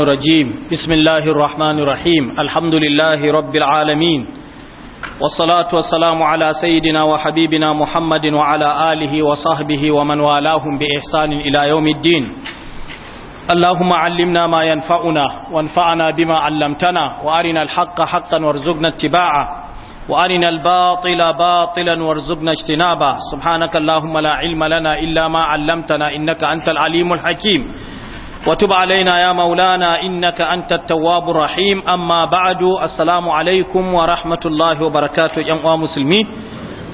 الرجيم بسم الله الرحمن الرحيم الحمد لله رب العالمين والصلاة والسلام على سيدنا وحبيبنا محمد وعلى آله وصحبه ومن والاهم بإحسان إلى يوم الدين اللهم علمنا ما ينفعنا وانفعنا بما علمتنا وأرنا الحق حقا وارزقنا اتباعه وأرنا الباطل باطلا وارزقنا اجتنابه سبحانك اللهم لا علم لنا إلا ما علمتنا إنك أنت العليم الحكيم ya وتب علينا يا مولانا إنك rahim amma ba'adu asalamu alaikum wa عليكم wa الله yan uwa musulmi.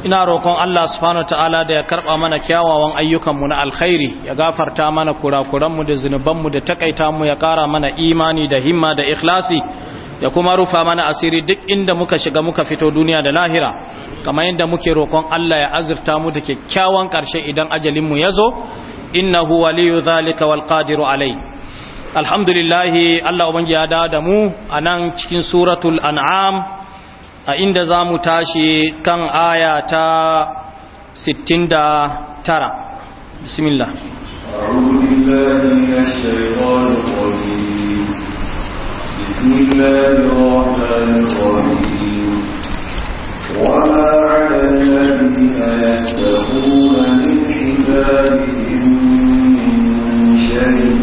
ina rokon Allah subhanahu ta'ala da ya karɓa mana kyawawan ayyukanmu na alkhairi ya gafarta mana kurakuranmu da zunubanmu da takaita mu ya kara mana imani da himma da ikhlasi ya kuma rufa mana asiri duk inda muka shiga muka fito duniya da lahira kamar yadda muke rokon Allah ya azurta mu da kyakkyawan ƙarshe idan ajalinmu ya zo إنه ولي ذلك والقادر عليه الحمد لله الله أبنجي أدادمو أنا cikin سورة الأنعام أين زامو تاشي كان آية ترى بسم الله أعوذ بالله من الشيطان الرجيم بسم الله الرحمن الرحيم وما على الذين يتقون من بذلهم من شيء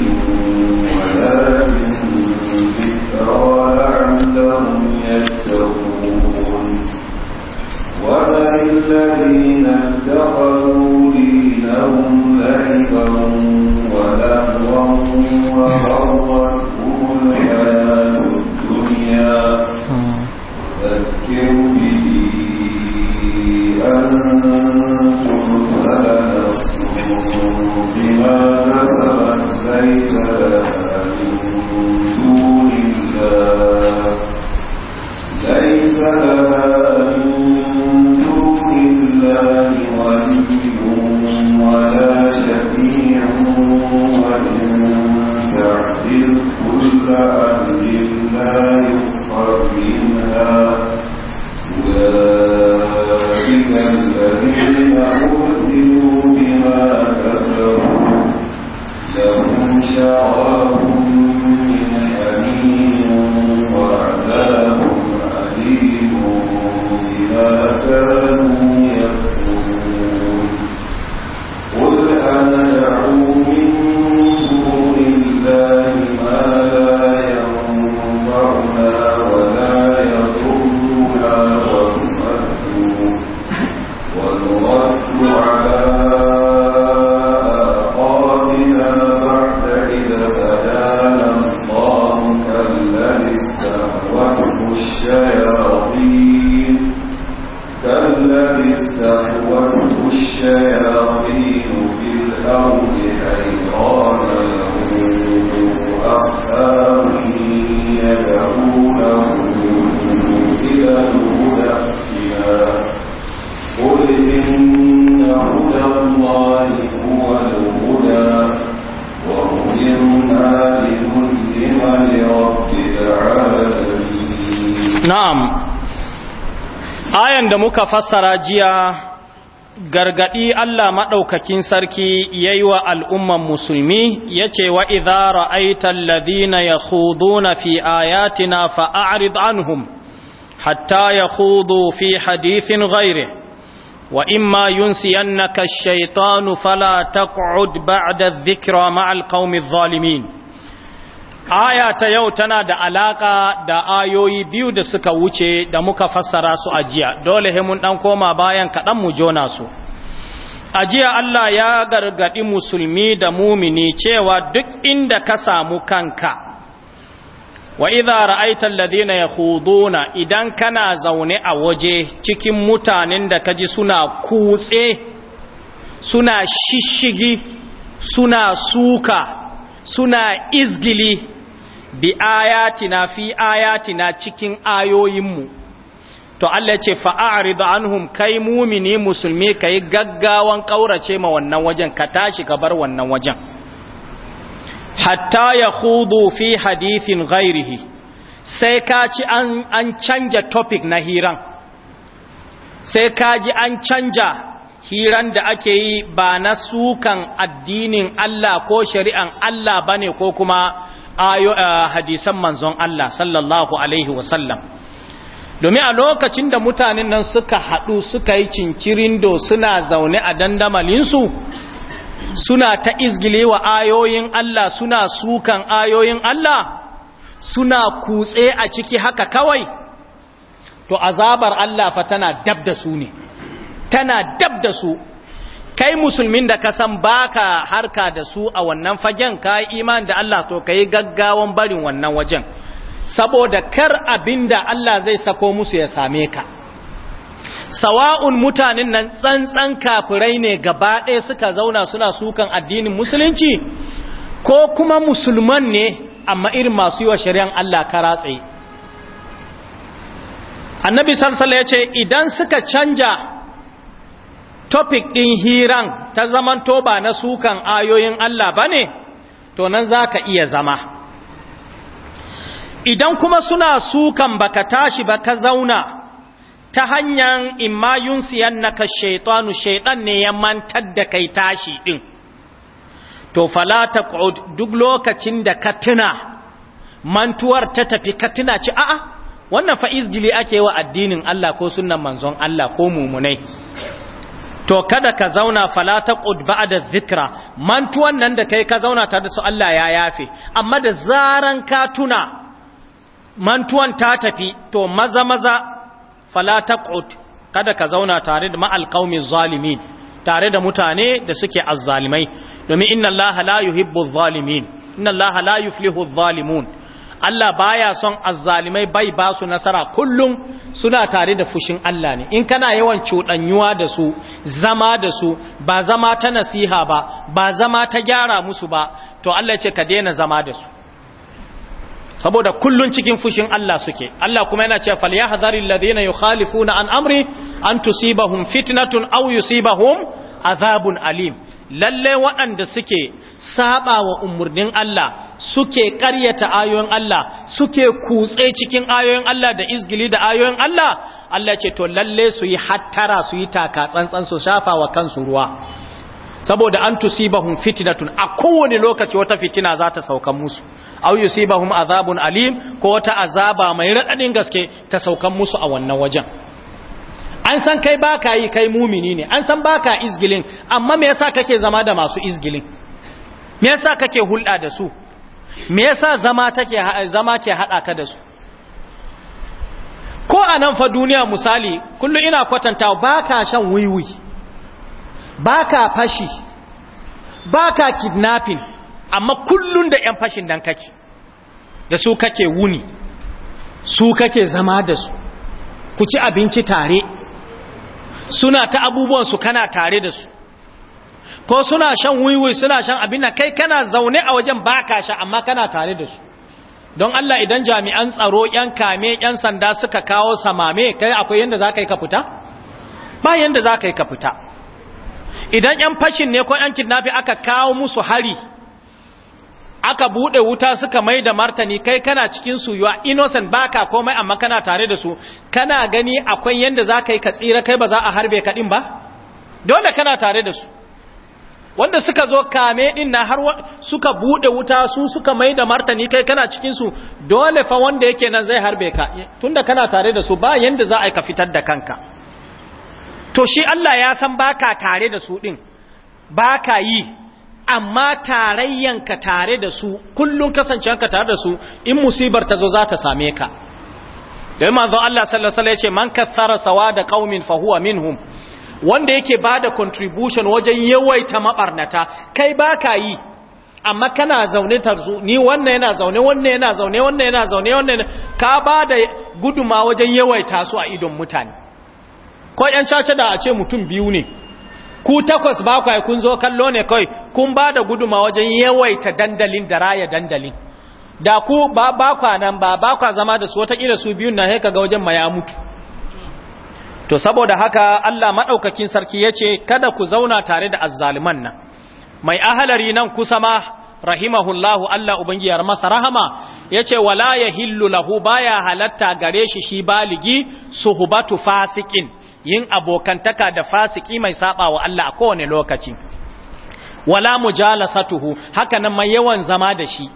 ولكن ذكرى لعلهم يتقون وذل الذين اتخذوا دينهم لعبا ولهوا وغرتهم الحياة الدنيا آه. فذكر به أن fassara jiya gargadi Allah maɗaukakin sarki ya yi wa al'umman musulmi ya ce wa idara aitan ladina ya huduna fi ayatina fa'arid anhum hatta ya hudu fi hadithin ghaire wa imma yunsiyannaka shaitanu fala taƙ'ud ba'da zikira ma'al qaumi zalimin aya ta yau tana da alaka da ayoyi biyu da suka wuce da muka fassara su a jiya dole he mun dan koma bayan kaɗan mu jona su a jiya Allah ya gargaɗi musulmi da mumini cewa duk inda ka samu kanka wa idza ra'aita alladhina yakhuduna idan kana zaune a waje cikin mutanen da kaji suna kutse suna shishigi suna suka suna izgili bi ayatina fi ayatina cikin ayoyinmu to Allah ce fa'arid anhum kai mumini musulmi kai gaggawan kaurace ma wannan wajen ka tashi ka bar wannan wajen hatta ya fi hadithin ghairihi sai ka ci an, an canja topic na hiran sai ka ji an canja hiran da ake yi ba na sukan addinin Allah ko shari'an Allah bane ko kuma ayo eh, hadisan manzon Allah sallallahu alaihi wasallam domin a lokacin da mutanen nan suka haɗu suka yi cincirin do suna zaune a dandamalinsu suna ta izgilewa ayoyin Allah suna sukan ayoyin Allah suna kutse a ciki haka kawai to azabar Allah fa tana dab da su ne tana dab da su kai musulmin da ka san baka harka da su a wannan fagen ka yi iman da Allah to ka yi gaggawan barin wannan wajen saboda kar abinda Allah zai sako musu ya same ka sawa'un mutanen nan tsantsan kafirai ne gaba ɗaya suka zauna suna sukan addinin musulunci ko kuma musulman ne amma irin masu yi wa shari'an Allah karatse annabi sallallahu ya ce idan suka canja topic ɗin hiran ta zaman to ba na sukan ayoyin Allah ba ne to nan za ka iya zama idan kuma suna sukan baka tashi baka zauna ta hanyar imma siyan na ka shaitanu shaitan ne ya mantar da kai tashi ɗin to falata duk lokacin da ka tuna mantuwar ta tafi ka tuna ci a'a wannan fa izgili ake wa addinin Allah ko sunnan manzon Allah ko mumunai to kada ka zauna fala taqud da zikra mantuwan nan da kai ka zauna tare da su Allah ya yafe amma da zaran ka tuna mantuwan ta tafi to maza maza fala ƙud kada ka zauna tare da ma'al qaumi tare da mutane da suke azzalimai domin inna Allah la yuhibbu zalimin inna Allah la yuflihu zalimun Allah baya son azzalimai bai ba su nasara kullum suna tare da fushin Allah ne in kana yawan cuɗanyuwa da su zama da su ba zama ta nasiha ba ba zama ta gyara musu ba to Allah ce ka daina zama da su saboda kullum cikin fushin Allah suke Allah kuma yana cewa falyahdharil ladina yukhalifuna an amri an tusibahum fitnatun aw yusibahum azabun alim lalle waɗanda suke saba wa umarnin Allah suke ƙaryata ayoyin Allah suke kutse cikin ayoyin Allah da izgili da ayoyin Allah Allah ce to lalle su yi hattara su yi taka tsantsan su shafa wa kansu ruwa saboda an tusibahum fitnatun a kowane lokaci wata fitina za ta saukan musu aw yusibahum azabun alim ko wata azaba mai radadin gaske ta saukan musu a wannan wajen an san kai baka yi kai mumini ne an san baka izgilin amma me yasa kake zama da masu izgilin me yasa kake hulɗa da su me yasa zama take zama ke hada ka da su ko a nan fa duniya misali kullu ina kwatanta baka shan wiwi baka fashi baka kidnapping amma kullun da yan fashin dan kake da su kake wuni su kake zama da su ku ci abinci tare suna ta abubuwansu kana tare da su ko suna shan wiwi suna shan abin kai kana zaune a wajen baka sha amma kana tare da su don Allah idan jami'an tsaro yan kame yan sanda suka kawo samame kai akwai yanda za ka yi ka fita ba yanda za ka yi ka fita idan yan fashin ne ko yan kidnafi aka kawo musu hari aka bude wuta suka mai da martani kai kana cikin su yuwa innocent baka komai amma kana tare da su kana gani akwai yadda za ka yi ka tsira kai ba za a harbe ka ba dole kana tare da su wanda suka zo kame din na har suka bude wuta su suka mai da martani kai kana cikin su dole fa wanda yake nan zai harbe ka tunda kana tare da su ba yanda za a ka fitar da kanka to shi Allah ya san baka tare da su din baka yi amma tarayyanka tare da su kullum kasancewanka tare da su in musibar ta zo za ta same ka da yi manzo Allah sallallahu Alaihi ce man kathara sawa da ƙaumin fahuwa minhum wanda yake bada da contribution wajen yawaita maɓarnata kai ba ka yi amma kana zaune tarzu ni wannan yana zaune wannan yana zaune wannan yana zaune wannan ka ba da guduma wajen yawaita su a idon mutane ko 'yan caca da a ce mutum biyu ne ku takwas ba ku kun zo kallo ne kawai kun ba da guduma wajen yawaita dandalin da raya dandalin da ku ba ba nan ba ba kwa zama da su watakila su biyun na haika ga wajen maya mutu to saboda haka Allah madaukakin sarki yace kada ku zauna tare da azzaliman nan mai ahalari nan kusa ma rahimahullahu Allah ubangiyar masa rahama yace wala yahillu lahu baya halatta gare shi shi baligi suhbatu fasikin yin abokantaka da fasiki mai saba wa Allah a kowane lokaci wala mujalasatuhu haka nan mai yawan zama da shi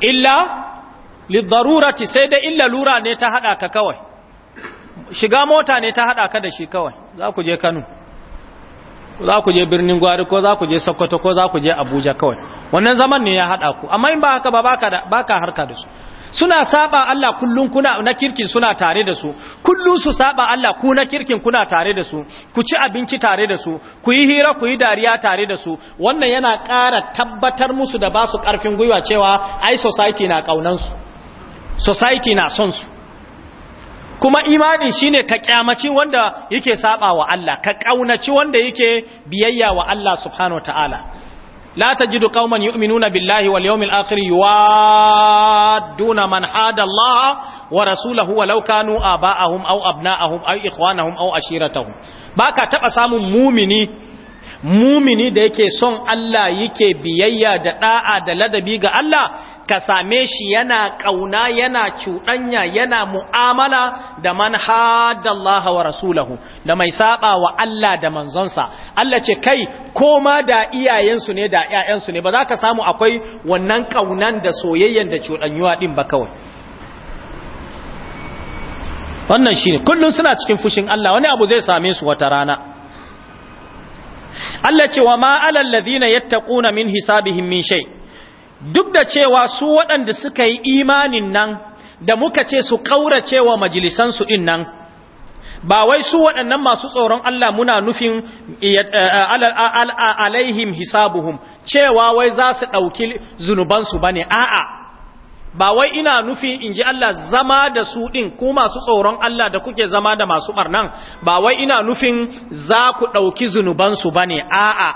illa lidarurati sai dai illa lura ne ta hada ka kawai shiga mota ne ta hada ka da shi kawai za ku je Kano za ku je birnin Gwari ko za ku je Sokoto ko za ku je Abuja kawai wannan zaman ne ya hada ku amma in ba haka ba baka baka harka da su suna saba Allah kullun kuna na kirkin suna tare da su kullun su saba Allah ku na kirkin kuna tare da su ku ci abinci tare da su ku yi hira ku yi dariya tare da su wannan yana ƙara tabbatar musu da ba su ƙarfin gwiwa cewa ai society na kaunan su society na son su kuma imani shine ka kyamaci wanda yake saba wa Allah ka kaunaci wanda yake biyayya wa Allah subhanahu wataala la tajidu qauman yu'minuna billahi wal yawmil akhir yuwadduna man hada Allah wa rasulahu walau kanu aba'ahum aw abna'ahum aw ikhwanahum aw ashiratahum baka taɓa samun mumini mumini da yake son Allah yake biyayya da da'a da ladabi ga Allah ka same shi yana kauna yana cuɗanya yana mu'amala da man wa rasulahu da mai saba wa Allah da manzonsa Allah ce kai koma da iyayensu ne da yayansu ne ba za ka samu akwai wannan kaunan da soyayyen da cuɗanyuwa din ba kawai wannan shine kullum suna cikin fushin Allah wani abu zai same su wata rana Allah ce wa ma'alar ladina yattaquna min hisabihim min shai. duk da cewa su waɗanda suka yi imanin nan da muka ce su ƙaurace wa majalisansu ɗin nan ba wai su waɗannan masu tsoron Allah muna nufin eh, eh, alaihim hisabuhum cewa wai za su ɗauki zunubansu ba ne a'a ba wai ina nufi in ji Allah zama da su ɗin ku masu tsoron Allah da kuke zama da masu ɓarnan ba wai ina nufin za ku ɗauki zunubansu ba ne a'a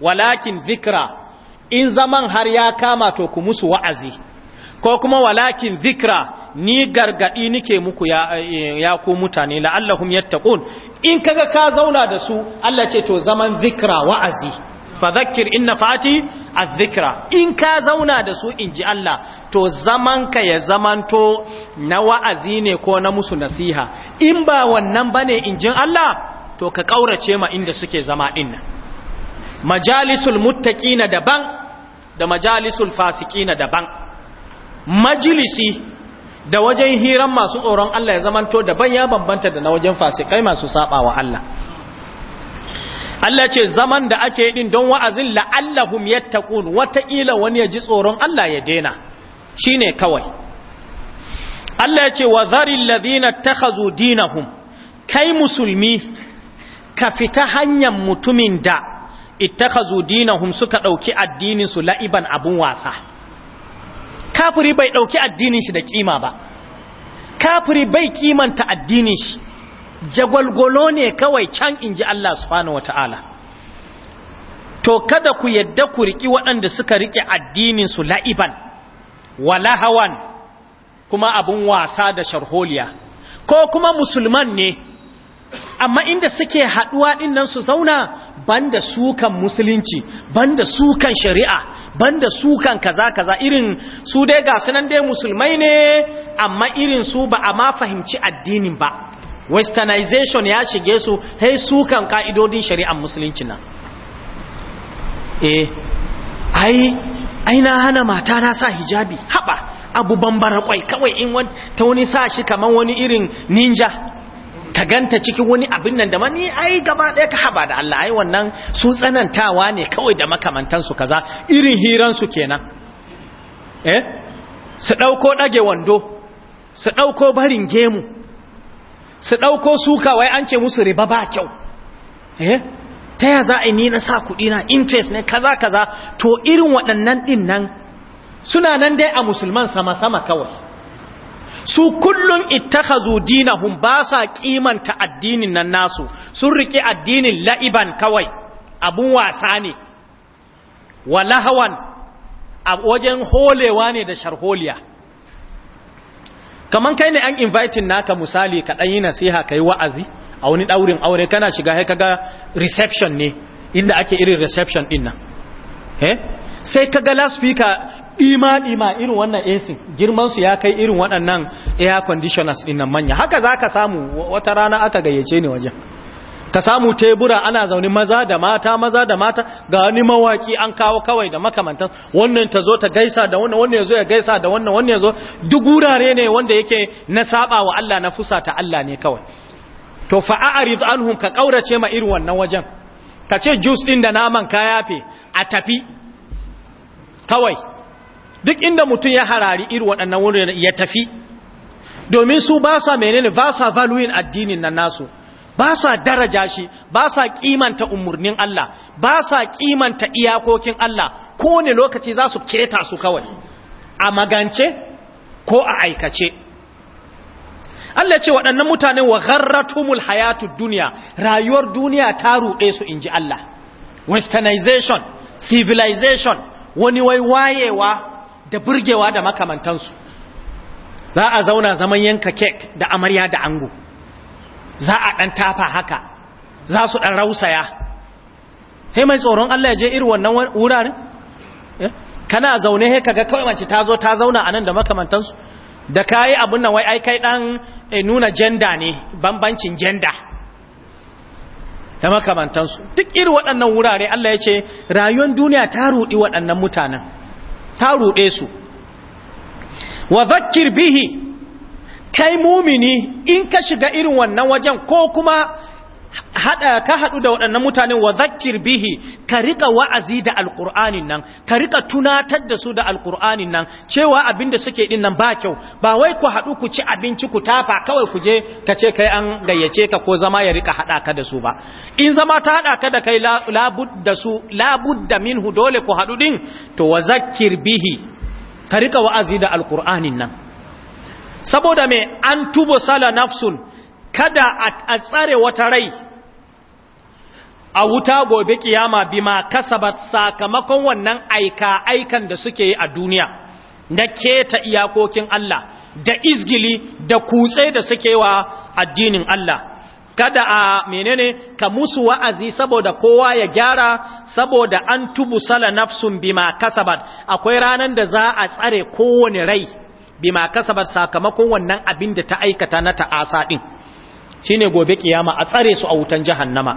walakin zikra in zaman har ya kama to ku musu wa'azi ko kuma walakin zikra ni gargaɗi nike muku ya, ya ku mutane la'allahum yattaqun in kaga ka zauna da su Allah ce to zaman zikra wa'azi fadhakkir inna fati zikira in ka zauna da su in ji Allah to zaman ka ya zamanto na wa'azi ne ko na musu nasiha in ba wannan ba in jin Allah to ka ƙaurace ma inda suke zama inna. majalisul na daban da majalisul na daban majilisi da wajen hiran masu tsoron Allah ya zamanto daban ya bambanta da na wajen fasikai masu saɓa wa Allah Allah ce zaman da ake yi don wa'azin la'allahum yattaqun wataƙila wani ya ji tsoron Allah ya dena shine kawai Allah ya ce wa zaril ladina takhazu dinahum kai musulmi ka fita hanyar mutumin da ittakhazu dinahum suka ɗauki addinin su la'iban abun wasa kafiri bai ɗauki addinin shi da kima ba kafiri bai kimanta addinin shi jagwalgwalo ne kawai can in ji Allah subhanahu wa ta'ala to kada ku yadda ku riƙi waɗanda suka riƙe su la'iban wa lahawan kuma abin wasa da sharholiya ko kuma musulman ne amma inda suke haɗuwa ɗinnan su zauna banda sukan musulunci banda sukan shari'a banda sukan kaza kaza irin su dai ga sunan dai musulmai ne amma irin su ba a ma fahimci addinin ba westernization ya shige su hai su kan ka'idodin shari'ar musulunci nan eh ai ai na hana mata na sa hijabi haba abu bambara kwai kawai in wani ta wani sa shi kaman wani irin ninja ka ganta cikin wani abin nan da mani ai gaba ɗaya ka haba da Allah ai wannan su tsanantawa ne kawai da makamantansu kaza irin hiran su kenan eh su ɗauko ɗage wando su ɗauko barin gemu su ɗauko suka wai an ce musu riba ba kyau eh ta yaza za a ni na sa kuɗi na interest ne kaza kaza to irin waɗannan ɗin nan suna nan dai a musulman sama-sama kawai su kullum ittakhazu dinahum ba sa kimanta addinin nan nasu sun rike addinin la'iban kawai abun wasa ne wa lahawan a wajen holewa ne da sharholiya kaman kai ne an inviting naka misali ka dan yi nasiha kai wa'azi a wani daurin aure kana shiga sai kaga reception ne inda ake irin reception din nan eh sai kaga last speaker dima dima irin wannan AC girman su ya kai irin waɗannan air conditioners din nan manya haka zaka samu wata rana aka gayyace ni wajen ka samu tebura ana zaune maza da mata maza da mata ga wani mawaki an kawo kawai da makamantan wannan ta zo ta gaisa da wannan wannan ya zo ya gaisa da wannan wannan ya zo duk gurare ne wanda yake na saba wa Allah na ta Allah ne kawai to fa a'rid anhum ka kaurace ma irin wannan wajen ka ce juice din da naman ka yafe a tafi kawai duk inda mutum ya harari irin wannan wurin ya tafi domin su ba sa menene ba sa valuing addinin nan nasu ba sa daraja shi ba sa kimanta umurnin Allah ba sa kimanta iyakokin Allah kowane lokaci za su keta su kawai a magance ko a aikace Allah ce waɗannan mutane wa gharratumul hayatud duniya rayuwar duniya ta ruɗe su inji Allah westernization civilization wani wai wayewa da burgewa da makamantansu za a zauna zaman yanka kek da amarya da ango za a ɗan tafa haka za su ɗan rausaya sai mai tsoron Allah ya je irin wannan wurare. Eh? kana zaune he kaga kawai mace ta zo ta zauna a nan da makamantansu da kayi abun nan wai ai kai dan eh, nuna janda ne bambancin janda da makamantansu duk irin waɗannan wurare Allah ya ce rayuwar duniya ta ruɗi waɗannan mutanen ta ruɗe su wa zakkir bihi kai mumini in ka shiga irin wannan wajen ko kuma hada ka hadu da waɗannan mutanen wa zakkir bihi ka rika wa'azi da alqur'anin nan ka rika tunatar da su da alqur'anin nan cewa abinda suke din nan ba kyau ba wai ku hadu ku ci abinci ku tafa kawai ku je ka ce kai an gayyace ka ko zama ya rika hada ka da su ba in zama ta hada ka da kai labud da su labud da minhu dole ku hadu din to wa zakkir bihi ka rika wa'azi da alqur'anin nan saboda mai an tubo sala nafsun kada a tsare wata rai a wuta gobe kiyama bima kasabat sakamakon wannan aika aikan da suke yi a duniya na keta iyakokin Allah da izgili da kutse da suke wa addinin Allah kada a menene ka musu wa'azi saboda kowa ya gyara saboda an tubu sala nafsun bima kasabat akwai ranan da za a tsare kowane rai bima kasabar sakamakon wannan abin da ta aikata na ta'asa din shine gobe kiyama a tsare su a wutan jahannama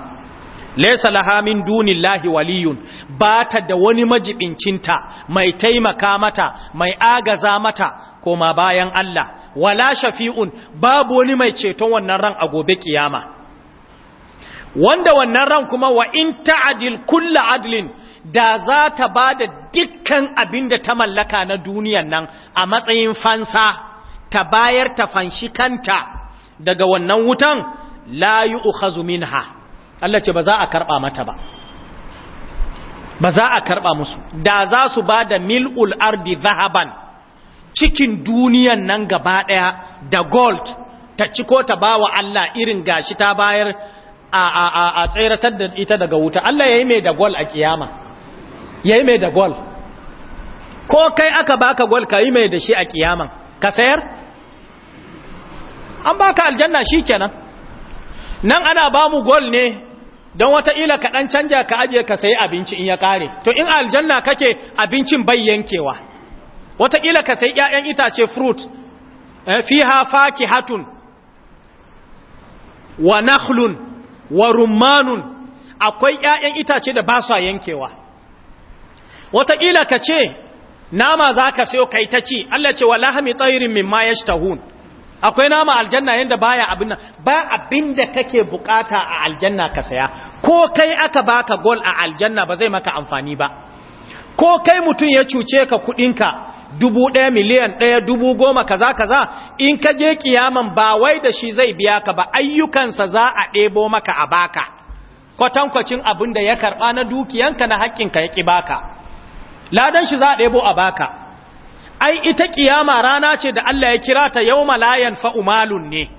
laysa laha min dunillahi waliyun bata da wani majibincinta mai taimaka mata mai agaza mata koma bayan Allah wala shafi'un babu wani mai ceton wannan ran a gobe kiyama wanda wannan ran kuma wa in ta'dil kullu adlin da za ta ba da dukkan abin da ta mallaka na duniyan nan a matsayin fansa ta bayar ta fanshi kanta daga wannan wutan la yi ukhazu minha Allah ce ba za a karɓa mata ba ba za a karɓa musu da za su ba da mil'ul ardi zahaban cikin duniyan nan gaba ɗaya da gold ta ko ta bawa Allah irin gashi ta bayar a tseratar da ita daga wuta Allah ya yi mai da gold a ƙiyama. ya yi mai da gol ko kai aka baka gol ka yi mai da shi a kiyaman ka sayar an baka aljanna shi kenan nan ana ba mu gol ne don wataƙila ka ɗan canja ka ajiye ka sayi abinci in ya ƙare to in aljanna kake abincin bai yankewa wataƙila ka sayi ‘ya'yan itace fruit eh, fi hafa ki hatun wa nakhlun wa rumanun akwai ‘ya'yan itace da ba su yankewa wataƙila ka ce nama za ka sayo kai ta ci Allah ce walahami lahami tsayirin min ma yashtahun akwai nama aljanna yanda baya abin ba abin da kake bukata a aljanna ka saya ko kai aka baka gol a aljanna ba zai maka amfani ba ko kai mutum ya cuce ka kudinka dubu ɗaya miliyan ɗaya dubu goma kaza kaza in ka je kiyaman ba wai da shi zai biya ka ba ayyukansa za a ɗebo maka a baka kwatankwacin abin da ya karɓa na dukiyanka na haƙƙinka ya ƙi baka ladan shi za a ɗebo a baka ai ita kiyama rana ce da Allah ya kira ta yau malayan fa'umalun ne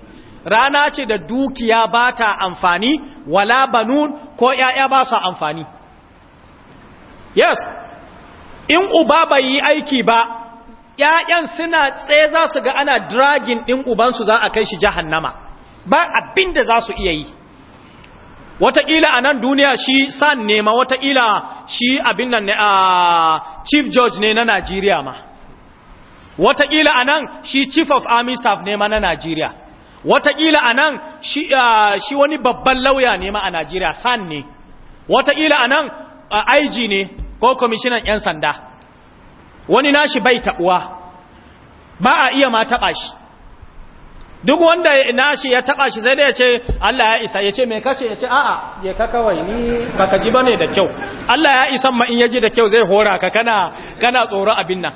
rana ce da dukiya ba ta amfani wala banun ko ‘ya'ya ba su amfani yes in uba bai yi aiki ba ‘ya'yan suna tsaye za su ga ana dragin ɗin ubansu za a kai shi jahannama ba abin da za su iya yi wataƙila a nan duniya shi san ne ma wataƙila shi abin nan ne a chief judge ne na najeriya ma wataƙila a nan shi chief of army staff ne ma na najeriya wataƙila a nan shi, shi wani babban lauya ne ma a najeriya san ne wataƙila a nan IG ne ko kwamishinan 'yan sanda wani nashi bai taɓuwa ba a iya ma taɓa shi duk wanda ina shi ya taba shi sai da ya ce Allah ya isa ya ce mai kace ya ce a'a je ka kawai ni baka ji bane da kyau Allah ya isa ma in yaji da kyau zai hora ka kana tsoro abin nan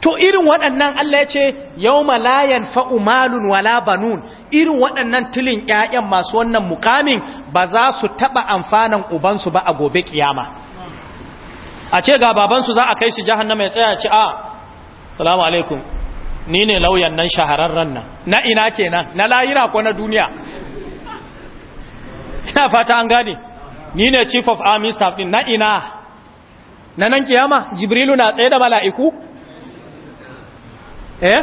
to irin waɗannan Allah ya ce yauma la yanfa'u malun wala banun irin waɗannan tilin 'ya'yan masu wannan mukamin ba za su taba amfanan ubansu ba a gobe kiyama a ce ga babansu za a kai shi jahannama ya tsaya ce a salamu alaikum ni ne lauyan nan shahararren nan na ina kenan na lahira ko na duniya ina fata an gane ni ne chief of army staff din na ina na nan kiyama jibrilu na tsaye da mala'iku eh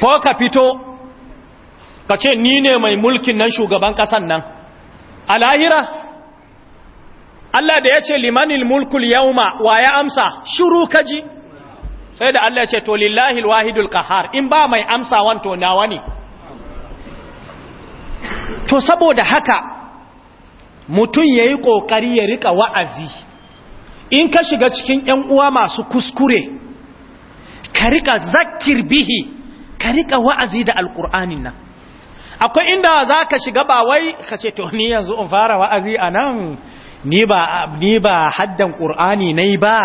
ko ka fito ka ce ni ne mai mulkin nan shugaban kasan nan a lahira Allah da ya ce limanil mulkul yauma wa ya amsa shiru kaji sai da Allah ce to lillahi alwahidul qahar in ba mai amsa to nawa ne to saboda haka mutum yayi kokari ya rika wa'azi in ka shiga cikin ƴan uwa masu kuskure ka rika zakir bihi ka rika wa'azi da alqur'anin nan akwai inda zaka shiga ba wai ka ce to ni yanzu in fara wa'azi anan ni ba ni ba haddan qur'ani nayi ba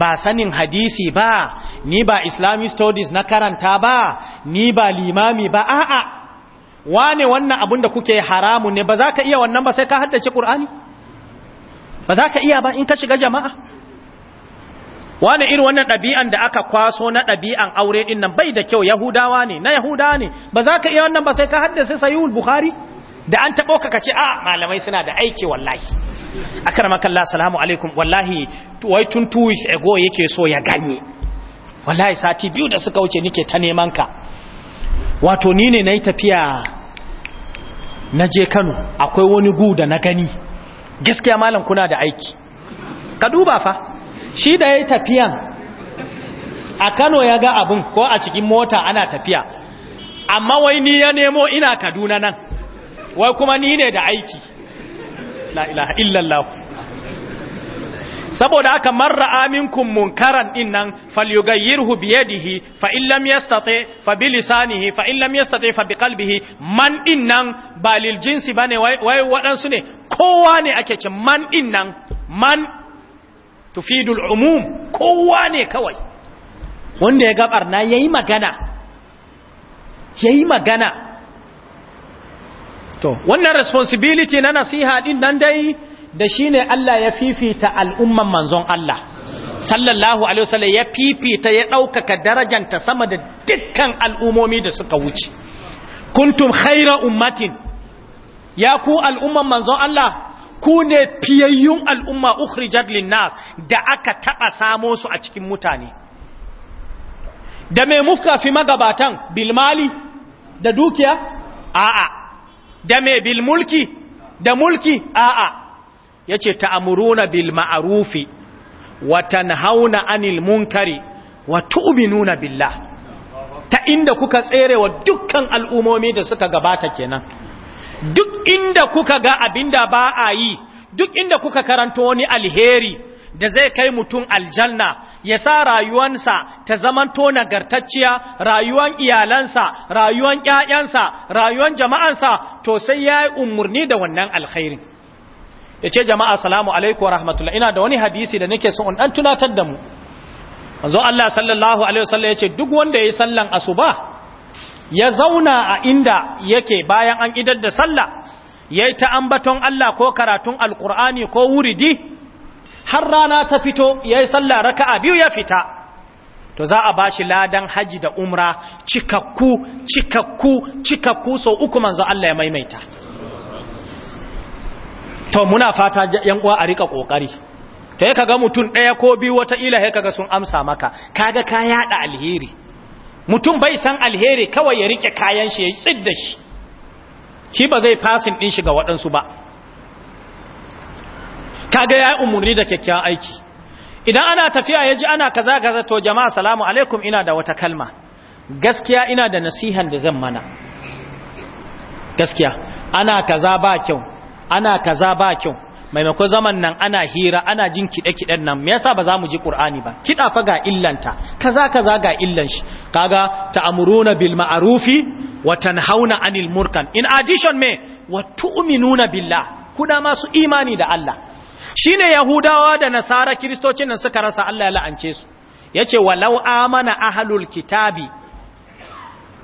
ba sanin hadisi ba ni ba islamic studies na karanta ba ni ba limami ba a'a wane wannan abun da kuke haramu ne ba za ka iya wannan ba sai ka haddace ƙur'ani ba za ka iya ba in ka shiga jama'a wane irin wannan ɗabi'an da aka kwaso na ɗabi'an aure ɗin nan bai da kyau yahudawa ne na yahudawa ne ba za ka iya wannan ba sai ka haddace sayuwul bukhari da an taɓo ka ce a malamai suna da aiki wallahi kalla salamu alaikum wallahi wai tun two weeks ago yake so ya gani wallahi sati biyu da suka wuce nike ta neman ka wato ni ne na yi tafiya na je kano akwai wani gu da na gani gaskiya malam kuna da aiki ka duba fa shi da ya yi tafiyan a kano ya ga abin ko a cikin mota ana tafiya amma wai ni ya nemo ina kaduna nan wai kuma ni ne da aiki la ilaha illallah saboda aka marra aminkum munkaran din nan biyadihi bi fa in lam yastati fa bi lisanihi fa in yastati fa bi qalbihi man din nan ba jinsi bane wai wadansu ne kowa ne ake ce man din nan man tufidul umum kowa ne kawai wanda ya gabar na yayi magana yayi magana to wannan responsibility na nasiha din nan dai da shine Allah ya fifita al'umman manzon Allah sallallahu alaihi wasallam ya fifita ya daukaka darajanta sama da dukkan al'umomi da suka wuce kuntum khaira ummatin ya ku al'umman manzon Allah ku ne fiyayyun al'umma ukhrijat linnas da aka taɓa samo su a cikin mutane da mai muka fi magabatan bilmali da dukiya a'a da me bil mulki da mulki a'a yace ta'muruna bil ma'arufi. wa hauna 'anil munkari wa tu'minuna billah ta inda kuka tsere wa dukkan al'umomi da suka gabata kenan duk inda kuka ga abinda ba a yi duk inda kuka karanto wani alheri da zai kai mutum aljanna ya sa rayuwansa ta zamanto nagartacciya rayuwan iyalansa rayuwan ƴaƴansa rayuwan jama'ansa to sai yayi umurni da wannan alkhairi yace jama'a assalamu alaikum wa rahmatullahi ina da wani hadisi da nake so in ɗan tunatar da mu manzo Allah sallallahu alaihi wasallam yace duk wanda ya yi sallan asuba ya zauna a inda yake bayan an idar da sallah yayi ta ambaton Allah ko karatun alkur'ani ko wuridi har rana ta fito ya yi sallah raka'a biyu ya fita to za a bashi ladan haji da umra cikakku cikakku cikakku sau uku manzo Allah ya maimaita to muna fata yan uwa a rika kokari to ya kaga mutum ɗaya ko biyu wata ila ya kaga sun amsa maka kaga ka yada alheri mutum bai san alheri kawai ya rike kayan shi ya tsid da shi shi ba zai fasin ɗin shi ga waɗansu ba kaga ya umarni da kyakkyawan aiki idan ana tafiya ya ji ana kaza kaza to jama'a salamu alaikum ina da wata kalma gaskiya ina da nasihan da zan mana gaskiya ana kaza ba kyau ana kaza ba kyau maimakon zaman nan ana hira ana jin kiɗe-kiɗen nan me yasa ba za mu ji ƙur'ani ba kiɗa fa ga illanta kaza kaza ga illan shi kaga ta'muruna bil ma'rufi wa tanhauna anil murkan in addition me wa tu'minuna billah kuna masu imani da Allah Shi ne yahudawa da nasara kiristocin nan suka rasa Allah ya la'ance su Ya ce walau amana ahlul kitabi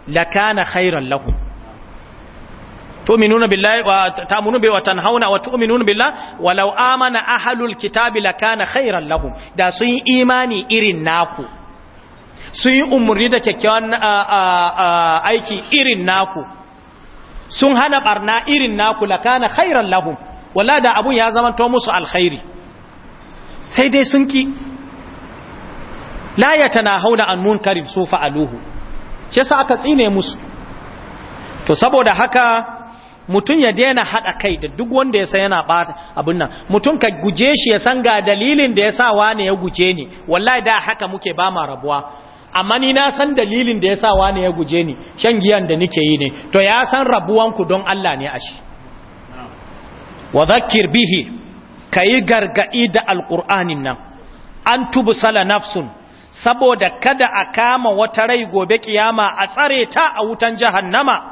lakana khairan lahum tu'minuna billahi wa ta'minuna bi wa tanhauna wa tu'minuna biLlahi. walau amana ahlul kitabi lakana khairan lahum da sun yi imani irin naku sun yi umurni da kyakkyawan aiki irin naku sun hana barna irin naku lakana khairan lahum Wala da abun ya zamanto musu alkhairi sai dai sun ki la hauna an munkari su fa'aluhu shi yasa aka tsine musu to saboda haka mutum ya daina haɗa kai da duk wanda ya san yana ɓata abin nan mutum ka guje shi ya san ga dalilin da ya sa wane ya guje ni wallahi da haka muke ba ma rabuwa amma ni na san dalilin da ya sa wane ya guje ni shan giyan da nike yi ne to ya san rabuwanku don Allah ne a shi wa zakir bihi ka yi gargaɗi da alƙur'anin nan an tubu sala nafsun saboda kada a kama wata rai gobe ƙiyama a tsare ta a wutan jahannama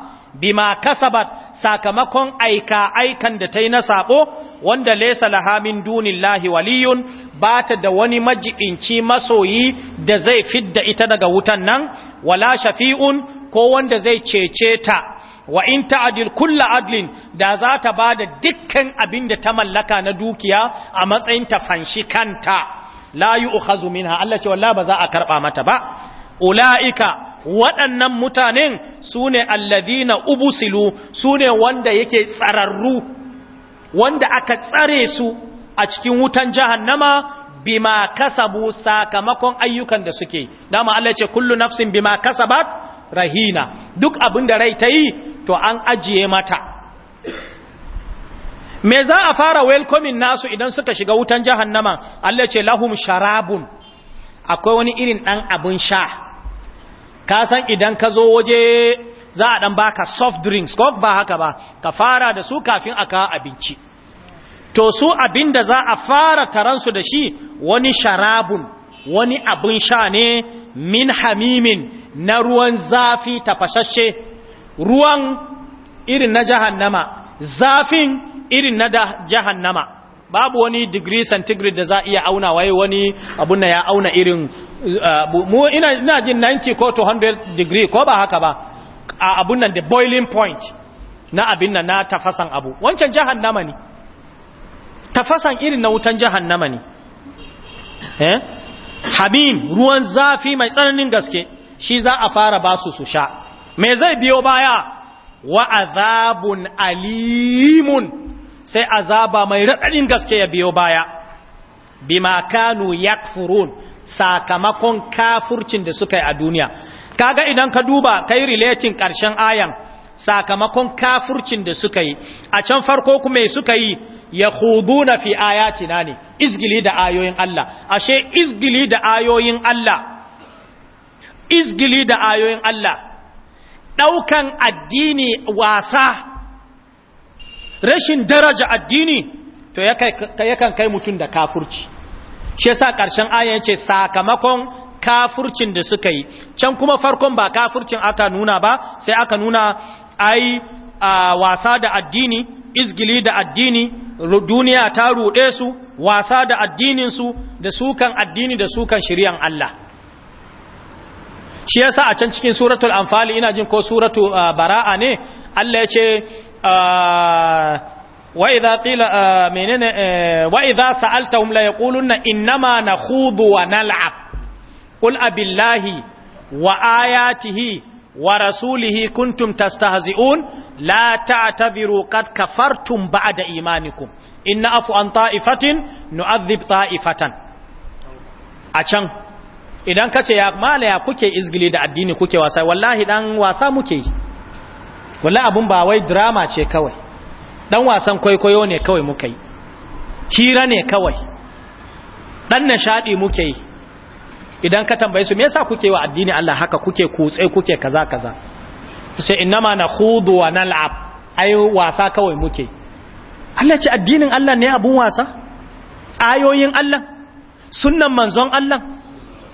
bima kasabat sakamakon aika aikan da ta yi na saɓo wanda lesa lahamin dunillahi waliyun ba ta da wani majiɗinci masoyi da zai fidda ita daga wutan nan wala shafi'un ko wanda zai cece ta wa in ta'adil kulla adlin da za ta ba da dukkan abin da ta mallaka na dukiya a matsayin ta fanshi kanta la yu'khazu minha Allah ce wallahi ba za a karba mata ba ulaika waɗannan mutanen sune alladhina ubusilu sune wanda yake tsararru wanda aka tsare su a cikin wutan jahannama bima kasabu sakamakon ayyukan da suke dama Allah ce kullu nafsin bima kasabat rahina duk abin da rai ta yi to an ajiye mata me za a fara welcoming nasu idan suka shiga wutan jahannama Allah ce lahum sharabun akwai wani irin dan abin sha ka san idan ka zo waje za a dan baka soft drinks ko ba haka ba ka fara da su kafin aka abinci to su abin da za a fara taransu da shi wani sharabun wani abin sha ne min hamimin na ruwan zafi tafashashe ruwan irin na jahannama zafin irin na jahannama babu wani digiri centigrade da za iya auna waye wani abun da ya auna irin uh, mu ina, ina jin 90 ko 200 degree ko ba haka ba a abun nan da boiling point na abin nan na tafasan abu wancan jahannama ne tafasan irin na wutan jahannama ne eh? habim ruwan zafi mai tsananin gaske shi za a fara basu su sha me zai biyo baya wa azabun alimun sai azaba mai raɗaɗin gaske ya biyo baya bima kanu yakfurun sakamakon kafurcin da suka yi a duniya kaga idan ka duba kai relating ƙarshen ayan sakamakon kafurcin da suka yi a can farko kuma suka yi ya huduna fi ayatina ne izgili da ayoyin Allah ashe izgili da ayoyin Allah izgili da ayoyin Allah ɗaukan addini wasa rashin daraja addini to yakan kai mutum da kafurci shi yasa ƙarshen ayan ce sakamakon kafurcin da suka yi can kuma farkon ba kafurcin aka nuna ba sai aka nuna ai wasa da addini izgili da addini duniya ta ruɗe su wasa da addininsu da sukan addini da sukan shiryan Allah shi yasa a can cikin suratul anfali ina jin ko suratu uh, bara'a ne Allah ya ce uh, wa idza qila uh, menene wa idza sa'altahum la yaquluna innama nakhudhu wa nal'ab qul abillahi wa ayatihi wa rasulihi kuntum tastahzi'un la ta'tabiru qad kafartum ba'da imanikum inna afu an ta'ifatin nu'adhib ta'ifatan a can idan ka ce ya ya kuke izgili da addini kuke wasa wallahi dan wasa muke yi wallahi abun ba wai drama ce kawai dan wasan kwaikwayo ne kawai muke hira ne kawai dan nishadi muke idan ka tambaye su me yasa kuke wa addini Allah haka kuke kutse kuke kaza kaza sai na khudu wa nal'ab ai wasa kawai muke Allah ce addinin Allah ne abun wasa ayoyin Allah sunnan manzon Allah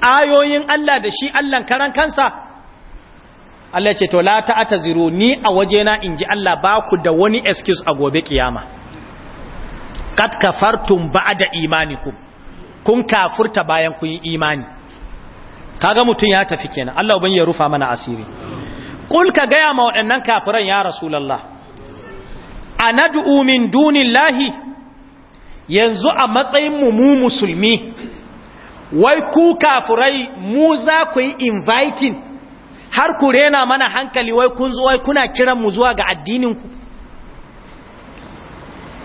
ayoyin Allah da shi Allahn karan kansa Allah ce to la ta'taziru ni a wajena ji Allah ba ku da wani excuse a gobe kiyama kat kafartum ba'da imanikum kun kafurta bayan kun yi imani kaga mutun ya tafi kenan Allah uban ya rufa mana asiri kul ka gaya ma waɗannan kafiran ya rasulullah anad'u min dunillahi yanzu a matsayin mu mu musulmi wai ku kafurai mu za ku yi inviting har ku rena mana hankali wai kun zo kuna kiran mu zuwa ga addininku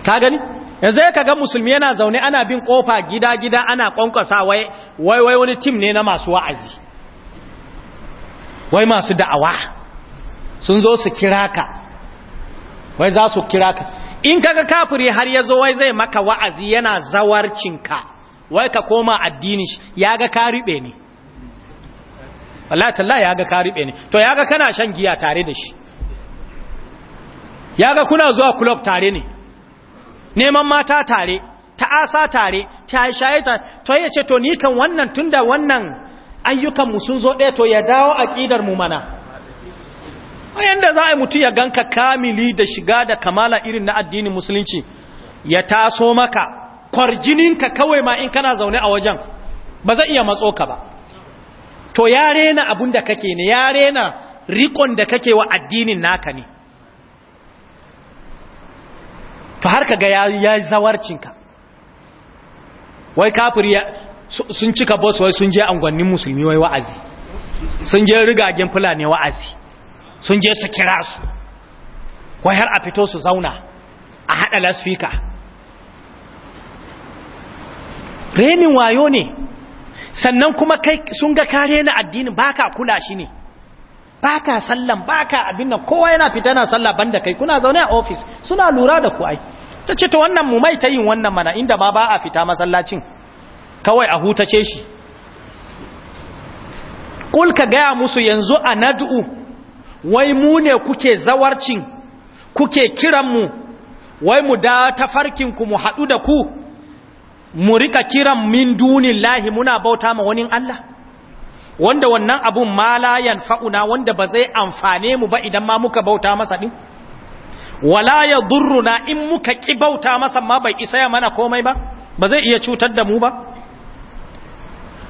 ka gani yanzu ya kaga musulmi yana zaune ana bin kofa gida-gida ana kwankwasa wai wai wai wani tim ne na masu wa'azi wai masu da'awa sun zo su kira ka wai za su kira ka in kaga kafuri har ya zo wai zai maka wa'azi yana zawarcinka wai ka koma addinin shi ya ga ka ne Allah ya ga ka ne to ya ga kana shan giya tare da shi ya ga kuna zuwa club tare ne neman mata tare ta'asa tare shaye tare to ya ce to ni kan wannan tunda wannan ayyukan mu sun zo ɗaya to ya dawo aƙidar mu mana yanda za a mutu ya ganka kamili da shiga da kamala irin na addinin musulunci ya taso maka kwarjininka kawai ma in kana zaune a wajen ba zai iya matso ka ba to ya rena abun da kake ne ya rena rikon da kake wa addinin naka ne to har kaga ya zawarcin zawarcinka wai kafiri sun cika boss wai sun je angwannin musulmi wai wa'azi sun je rigagen fulani wa'azi sun je su kira su wai har a fito su zauna a hada lasfika Remin wayo ne sannan kuma kai sun ga kare na addinin baka kula shi ne baka sallan baka abin nan kowa yana fita na sallah banda kai kuna zaune a office suna lura da ku ai ta ce ta wannan mu mai ta yin wannan mana inda ma ba a fita masallacin kawai a hutace shi kul ka gaya musu yanzu a nadu'u wai mu ne kuke zawarcin kuke kiran mu wai mu da tafarkin ku mu haɗu da ku mu rika kiran min dunillahi muna bauta ma wani Allah wanda wannan abun ma la yanfa'una wanda ba zai amfane mu ba idan ma muka bauta masa din wala yadurruna in muka ki bauta masa ma bai isa ya mana komai ba ba zai iya cutar da mu ba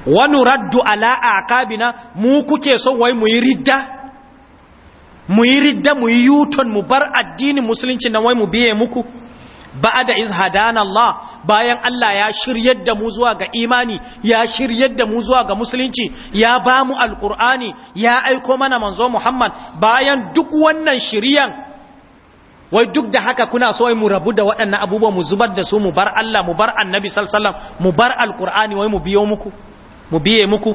wani raddu ala aqabina mu kuke so wai mu yi ridda mu yi ridda mu yi yuton mu bar addinin musulunci na wai mu biye muku ba'ada da hadana Allah bayan Allah ya shiryar da mu zuwa ga imani ya shiryar da mu zuwa ga musulunci ya ba mu alqur'ani ya aiko mana manzo Muhammad bayan duk wannan shiriyan wai duk da haka kuna so mu rabu da waɗannan abubuwa mu zubar da su mu bar Allah mu bar Annabi sallallahu alaihi wasallam mu bar alqur'ani wai mu biyo muku mu biye muku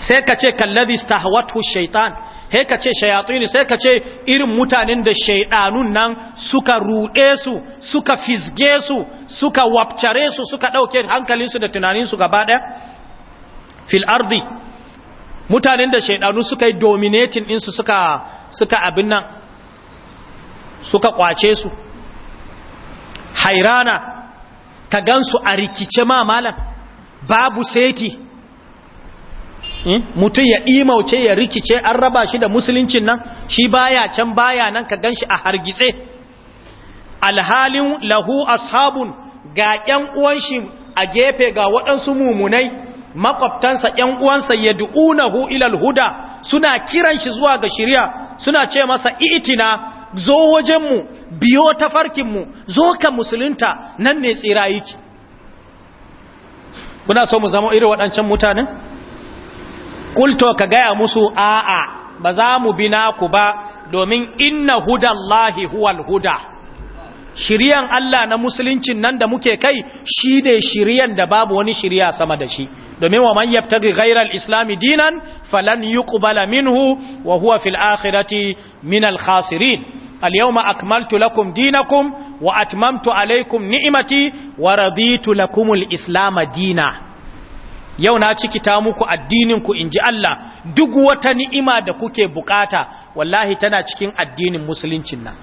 sai ka ce kallazi stahwathu shaitan sai ka ce shayatin sai ka ce irin mutanen da shaidanun nan suka rude su suka fisge su suka wabcare su suka ɗauke hankalin su da tunanin su gaba daya fil ardi mutanen da shaidanu suka yi dominating din su suka suka abin nan suka kwace su hairana ka gansu a rikice ma malam babu seki Hmm? mutum ya imauce ya rikice an raba shi da musuluncin nan shi baya can baya nan ka ganshi a hargitse alhalin lahu ashabun ga 'yan uwan shi a gefe ga waɗansu mumunai makwabtansa 'yan uwansa hu ilal huda suna kiran shi zuwa ga shari'a suna ce masa itina zo wajenmu biyo ta farkinmu zo ka musulunta nan ne tsira yake kuna so mu zama irin waɗancan mutanen kulto ka gaya musu a'a ba za mu bi naku ba domin inna hudallahi huwal huda shiriyan Allah na musuluncin nan da muke kai shi ne shiryan da babu wani shirya sama da shi domin wa man yabtaghi ghayra al-islam dinan falan yuqbala minhu wa huwa fil akhirati min al-khasirin al-yawma akmaltu lakum dinakum wa atmamtu alaykum ni'mati wa raditu lakum al islama dinan yau na cikita muku addininku in ji Allah duk wata ni'ima da kuke bukata wallahi tana cikin addinin musuluncin nan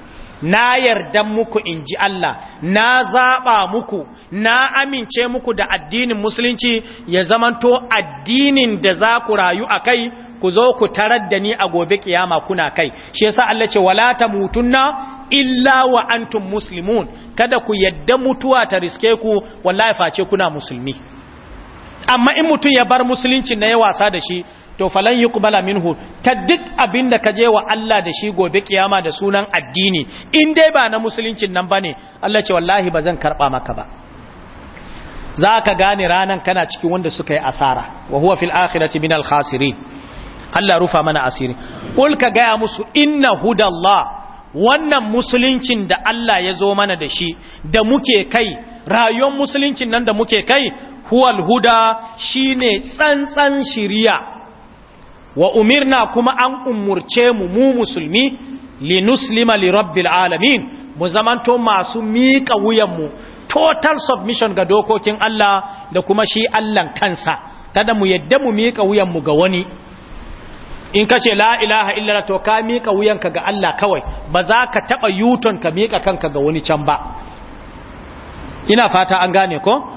na yarda muku in ji Allah na zaɓa muku na amince muku da addinin musulunci ya zamanto addinin da za ku rayu a kai ku zo ku tarar da ni a gobe kiyama kuna kai shi yasa Allah ce wala ta mutunna illa wa antum muslimun kada ku yadda mutuwa ta riske ku wallahi face kuna musulmi amma in mutum ya bar musulunci na ya wasa da shi to falan yi kubala minhu ta duk abin da ka je wa Allah da shi gobe kiyama da sunan addini in dai ba na musuluncin nan ba ne Allah ce wallahi ba zan karɓa maka ba za ka gane ranan kana cikin wanda suka yi asara wa huwa fil akhirati min al khasirin Allah rufa mana asiri kul ka gaya musu inna hudallah wannan musuluncin da Allah ya zo mana da shi da muke kai rayuwar musuluncin nan da muke kai huwal huda shine tsantsan shiriya wa umirna kuma an umurce mu mu musulmi linuslima li alamin mu zamanto masu miƙa wuyanmu total submission ga dokokin Allah da kuma shi allah kansa kada mu yadda mu miƙa mu ga wani in kace ce la ilaha illallah to ka miƙa wuyanka ga Allah kawai ba za ka taɓa yuton ka miƙa kanka ga wani can ba ina fata an gane ko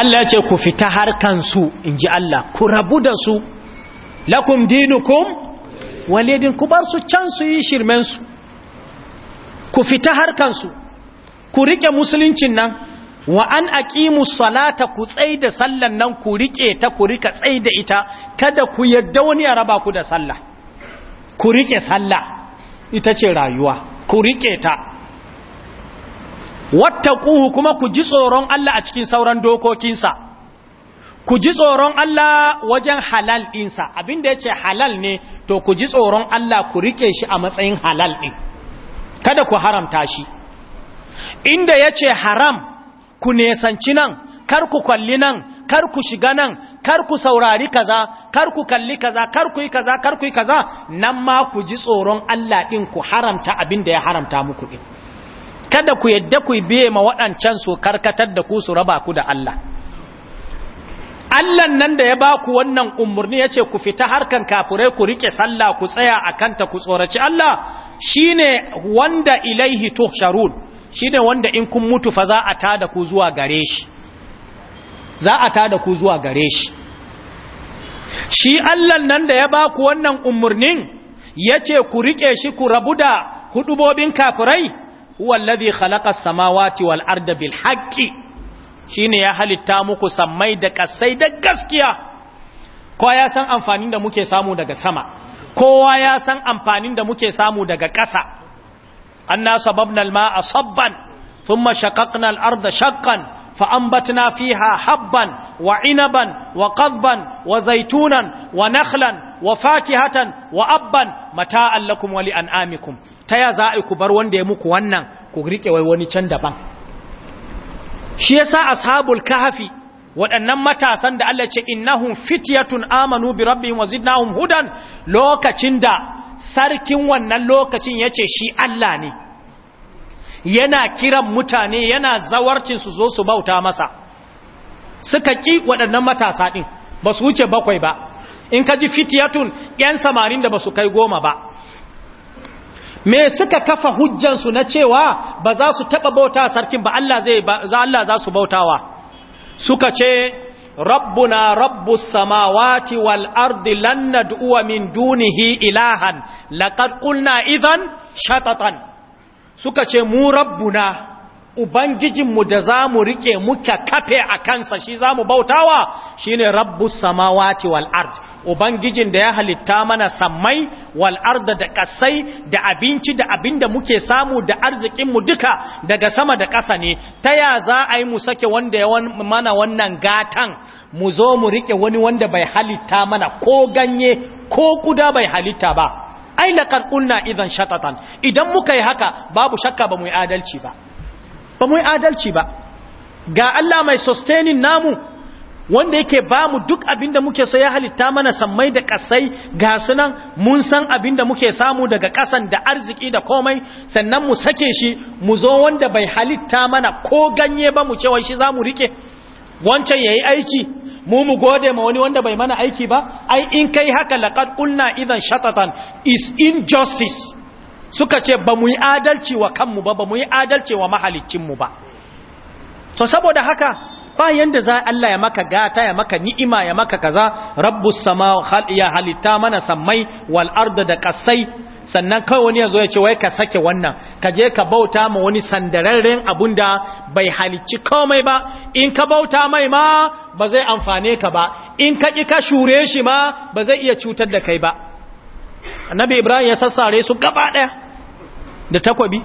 Allah ce ku fita harkansu in ji Allah ku rabu da su lakum dinukum walidin ku bar su can su yi shirmensu ku fita su ku rike musuluncin nan wa an aqimu salata ku tsaida sallan nan ku rike ta ku rika tsaida ita kada ku yadda wani ya raba ku da sallah ku rike sallah ita ce rayuwa ku rike ta Watta wattaquhu kuma ku ji tsoron Allah a cikin sauran dokokinsa ku ji tsoron Allah wajen halal ɗinsa abinda yace halal ne to ku ji tsoron Allah ku rike shi a matsayin halal ɗin kada ku haramta shi inda yace haram ku nesanci nan kar ku kwalli nan kar ku shiga nan kar ku saurari kaza kar ku kalli kaza kar ku yi kaza kar ku yi kaza nan ma ku ji tsoron Allah ɗin ku haramta abinda ya haramta muku ɗin kada ku yadda ku biye ma waɗancan su karkatar da ku su raba ku da Allah Allah nan da ya ba ku wannan umarni yace ku fita harkan kafurai ku rike sallah ku tsaya a kanta ku tsoraci Allah shine wanda ilaihi tuhsharun shine wanda in kun mutu fa za a tada ku zuwa gare shi za a tada ku zuwa gare shi shi Allah nan da ya ba ku wannan umarnin yace ku rike shi ku rabu da hudubobin kafurai huwa alladhi khalaqa samawati wal arda bil haqqi shine ya halitta muku sammai da kasai da gaskiya kowa ya san amfanin da muke samu daga sama kowa ya san amfanin da muke samu daga ƙasa anna sababna alma'a sabban thumma shaqaqna al-arda shaqqan fa anbatna fiha habban wa inaban wa qadban wa zaytunan wa nakhlan wa fakihatan wa abban mata'an lakum wa an'amikum ta ya za a ku bar wanda ya muku wannan ku riƙe wai wani can daban shi yasa ashabul kahfi waɗannan matasan da Allah ce innahum fityatun amanu bi rabbihim wa zidnahum hudan lokacin da sarkin wannan lokacin yace shi Allah ne yana kiran mutane yana zawarcin su zo su bauta masa suka ki waɗannan matasa din ba su wuce bakwai ba in ka ji fityatun 'yan samarin da ba su kai goma ba me suka kafa hujjansu na cewa ba za su taɓa bauta sarkin ba Allah zai za Allah za su bautawa suka ce rabbuna rabbus samawati wal ardi lan nad'u min dunihi ilahan laqad qulna idhan shatatan suka ce mu rabbuna ubangijinmu da zamu mu riƙe muka kafe a kansa shi zamu bautawa shi ne rabbus samawati wal ard ubangijin da ya halitta mana sammai wal da ƙasai da abinci da abinda muke samu da arzikinmu duka daga sama da ƙasa ne ta ya za a yi mu sake wanda ya mana wannan gatan mu zo mu riƙe wani wanda bai halitta mana ko ganye ko kuda bai halitta ba ai laqad qulna idan shatatan idan muka yi haka babu shakka ba mu yi adalci ba ba mu yi adalci ba ga Allah mai sustaining namu wanda yake ba mu duk abinda muke so ya halitta mana sammai da kasai ga sunan mun san abin da muke samu daga kasan da arziki da komai sannan mu sake shi mu zo wanda bai halitta mana ko ganye ba mu wai shi zamu rike wancan yayi aiki mu mu gode ma wani wanda bai mana aiki ba ai in kai haka laqad qulna idan shatatan is injustice suka ce ba mu yi adalci wa kanmu ba ba mu yi adalci wa mahalicinmu ba to saboda haka ba yanda za Allah ya maka gata ya maka ni'ima ya maka kaza rabbus sama ya halitta mana samai wal arda da kasai sannan kai wani yazo ya ce wai ka sake wannan ka je ka bauta ma wani sandararren abunda bai halicci komai ba in ka bauta mai ma ba zai amfane ka ba in ka ki ka shure shi ma ba zai iya cutar da kai ba annabi ibrahim ya sassare su gaba daya da takwabi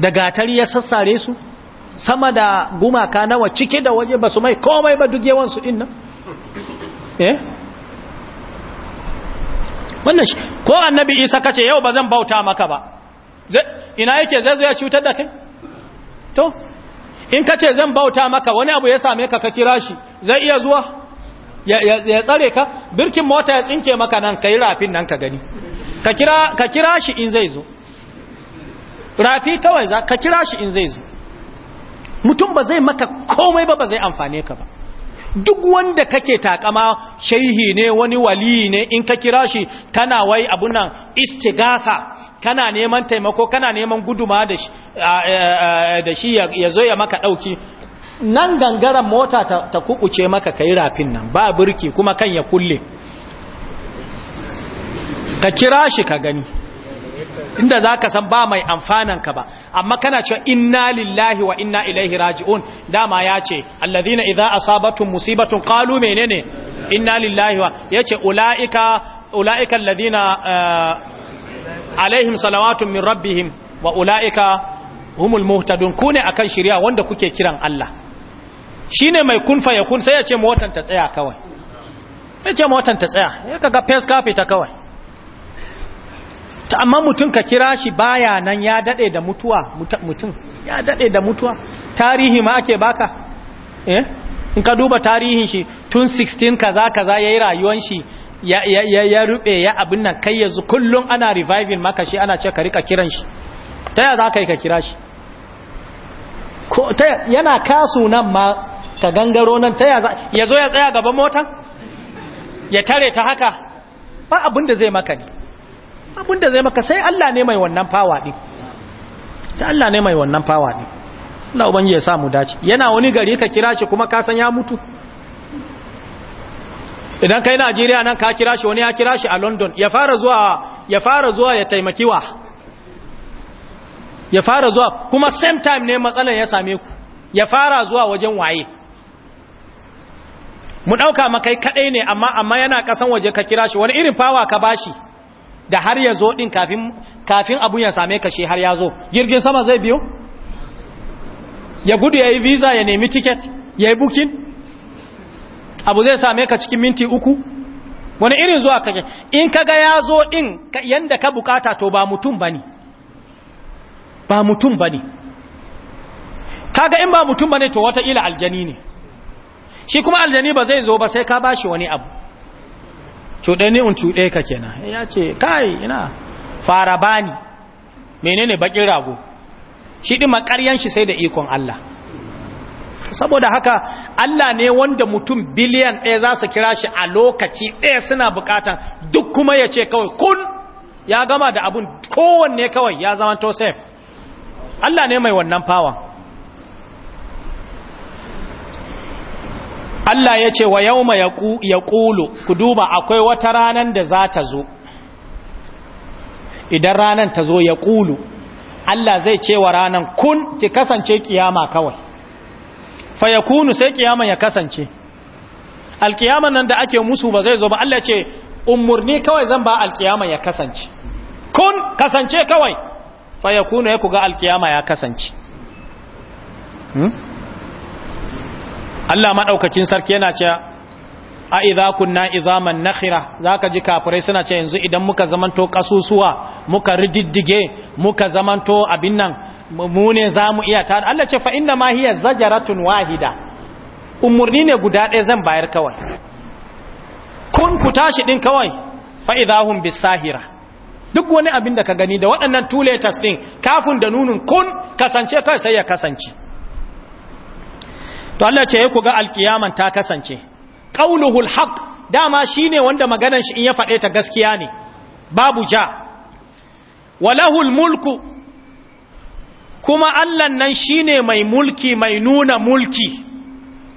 da gatari ya sassare su sama da gumaka nawa cike da waje ba su mai komai ba duk yawansu ɗin nan eh wannan shi ko annabi isa kace yau ba zan bauta maka ba ina yake zai ya cutar da kai to in kace zan bauta maka wani abu ya same ka ka kira shi zai iya zuwa ya tsare ka birkin mota ya tsinke maka nan ka yi rafin nan ka gani ka kira shi in zai zo rafi kawai za ka kira shi in zai zo mutum ba zai maka komai ba ba zai amfane ka ba duk wanda kake takama shaihi ne wani wali ne in ka kira shi kana wai abun nan istigasa kana neman taimako kana neman guduma da shi ya zo ya maka ɗauki. nan gangaren mota ta, ta kukuce maka ka yi rafin nan ba birki kuma kan ya kulle ka kira shi ka gani inda za ka san ba mai amfananka ba amma kana cewa inna lillahi wa inna ilaihi raji'un dama ya ce allazina idza asabatun musibatun qalu menene inna lillahi wa yace ulaika ulaika allazina eh, alaihim salawatun min rabbihim wa ulaika humul muhtadun ku ne akan shari'a wanda kuke kiran Allah shine mai kun ya kun sai ya ce motan ta tsaya kawai ya ce motan ta tsaya ya kaga fes kafe ta kawai ta amma mutum ka kira shi baya nan ya dade da mutuwa mutum ya dade da mutuwa tarihi ma ake baka eh in ka duba tarihin shi tun 16 kaza kaza yayi rayuwar shi ya ya ya, ya rube ya abin nan kai yanzu kullun ana reviving maka shi ana ce ka rika kiran shi ta yaya za ka yi ka kira shi ko ta yana kasu nan ma ka gangaro nan ta ya zo ya tsaya gaban motan ya tare ta haka ba abin da zai maka ne abin da zai maka sai Allah ne mai wannan fawa din ta Allah ne mai wannan fawa din Allah ubangi ya samu dace yana wani gari ka kira shi kuma ka san ya mutu idan kai Najeriya nan ka kira shi wani ya kira shi a London ya fara zuwa ya fara zuwa ya taimakiwa ya fara zuwa kuma same time ne matsalan ya same ku ya fara zuwa wajen waye mu ɗauka makai kaɗai ne amma amma yana ƙasan waje ka kira shi wani irin fawa ka bashi da har ya zo ɗin kafin abun ya same ka shi har ya zo jirgin sama zai biyo ya gudu ya yi visa ya nemi ticket ya yi bukin abu zai same ka cikin minti uku wani irin zuwa kake in kaga ya zo ɗin yadda ka bukata to ba mutum ba ne ba mutum ba ne kaga in ba mutum ba ne to wataƙila aljani ne shi kuma aljani ba zai zo ba sai ka ba shi wani abu cuɗe ne un cuɗe ka kenan eh, ya ce kai ina fara bani menene bakin rago shi ɗin makaryan shi sai da ikon Allah saboda haka Allah ne wanda mutum biliyan ɗaya za su kira shi a lokaci ɗaya suna bukatan duk kuma ya ce kawai kun ya gama da abun kowanne kawai ya zama to safe Allah ne mai wannan fawa Allah ya ce wa yau ma ya ƙulu ku duba akwai wata ranar da za ta zo idan ranar ta zo ya ƙulu Allah zai ce wa ranar kun ki kasance kiyama kawai fa ya kunu sai kiyama ya kasance alkiyaman nan da ake musu ba zai zo ba Allah ce umurni kawai zan ba alkiyama ya kasance kun kasance kawai fa ya kuna ya kuga alkiyama ya kasance hmm? Allah maɗaukacin sarki yana ce a idza kunna izaman nakhira zaka ji kafirai suna ce yanzu idan muka zamanto kasusuwa muka rididdige muka zamanto abin nan mu ne zamu iya ta Allah ce fa inna ma hiya zajaratun wahida Umarni ne guda ɗaya zan bayar kawai kun ku tashi ɗin kawai fa idahum bisahira duk wani abin da ka gani da waɗannan two letters ɗin kafin da nunin kun kasance kai sai ya kasance to Allah ce ya ku ga alkiyaman ta kasance qauluhul haqq dama shine wanda maganar shi in ya faɗe ta gaskiya ne babu ja walahul mulku kuma Allah nan shine mai mulki mai nuna mulki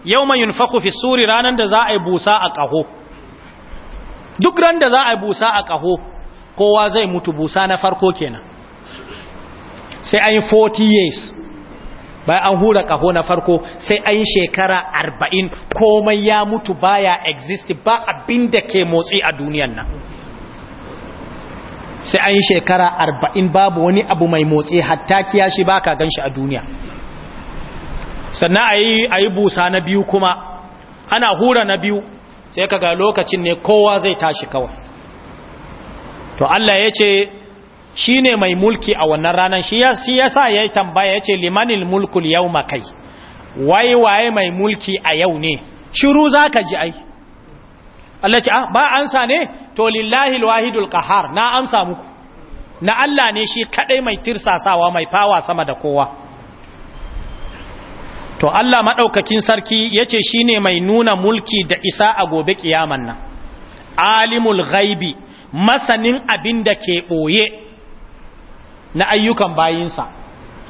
yawma yunfakhu fi suri ranan da za a yi busa a kaho duk ran da za a yi busa a kaho kowa zai mutu busa na farko kenan sai an yi 40 years bayan an hura kaho na farko sai an shekara 40 komai ya mutu baya exist ba abinda ke motsi a duniyan nan sai an yi shekara 40 babu wani abu mai motsi hatta kiyashi ba ka gan shi a duniya sannan a yi busa na biyu kuma ana hura na biyu sai kaga lokacin ne kowa zai tashi kawai to Allah ya ce shi ne mai mulki a wannan ranar shi ya sa ya yi tambaya ya ce limanil mulkul yau makai wai waye mai mulki a yau ne shiru za ka ji ai Allah ce ah, ba ansa ne to lillahi wahidul kahar na amsa muku na Allah ne shi kadai mai tirsasawa mai fawa sama da kowa to Allah maɗaukakin sarki yace shine mai nuna mulki da isa a gobe kiyaman nan alimul ghaibi masanin abin da ke ɓoye na ayyukan bayinsa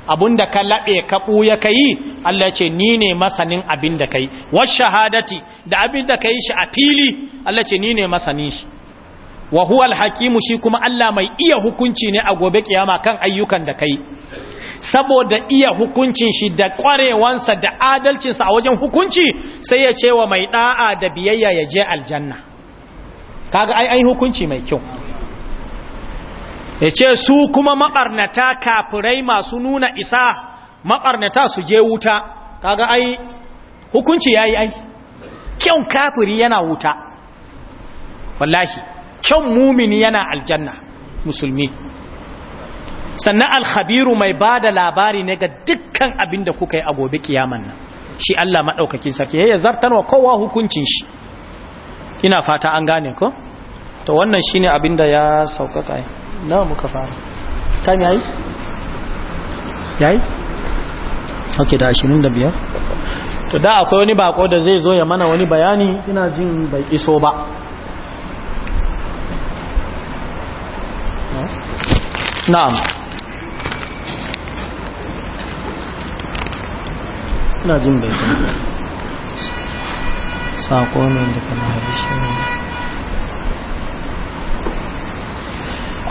abin da ka laɓe ka ɓoye ka yi Allah ce ni ne masanin abin da ka yi wasu shahadati da abin da ka yi shi a fili Allah ce ni ne masanin shi wa huwa shi kuma Allah mai iya hukunci ne a gobe kiyama kan ayyukan da ka yi? saboda iya hukuncin shi da kwarewansa da adalcinsa a wajen hukunci sai ya ce wa mai ɗa'a da biyayya ya je aljanna kaga ai ai hukunci mai kyau ya ce su kuma maɓarnata kafirai masu nuna isa mabarnata su je wuta kaga ai hukunci ya yi ai kyan kafiri yana wuta wallahi kyan mumini yana aljanna musulmi sannan Alkhabiru mai ba da labari ne ga dukkan abin da kuka yi a gobe kiyaman nan shi Allah maɗaukakin sarki ya zartanwa kowa hukuncin shi ina fata an gane ko to wannan shine abinda ya saukaka nawa muka fara time yayi yayi okay da 25 to da akwai wani bako da zai zo ya mana wani bayani ina jin bai iso ba na'am ina jin bai iso saƙo ne daga mahaifishin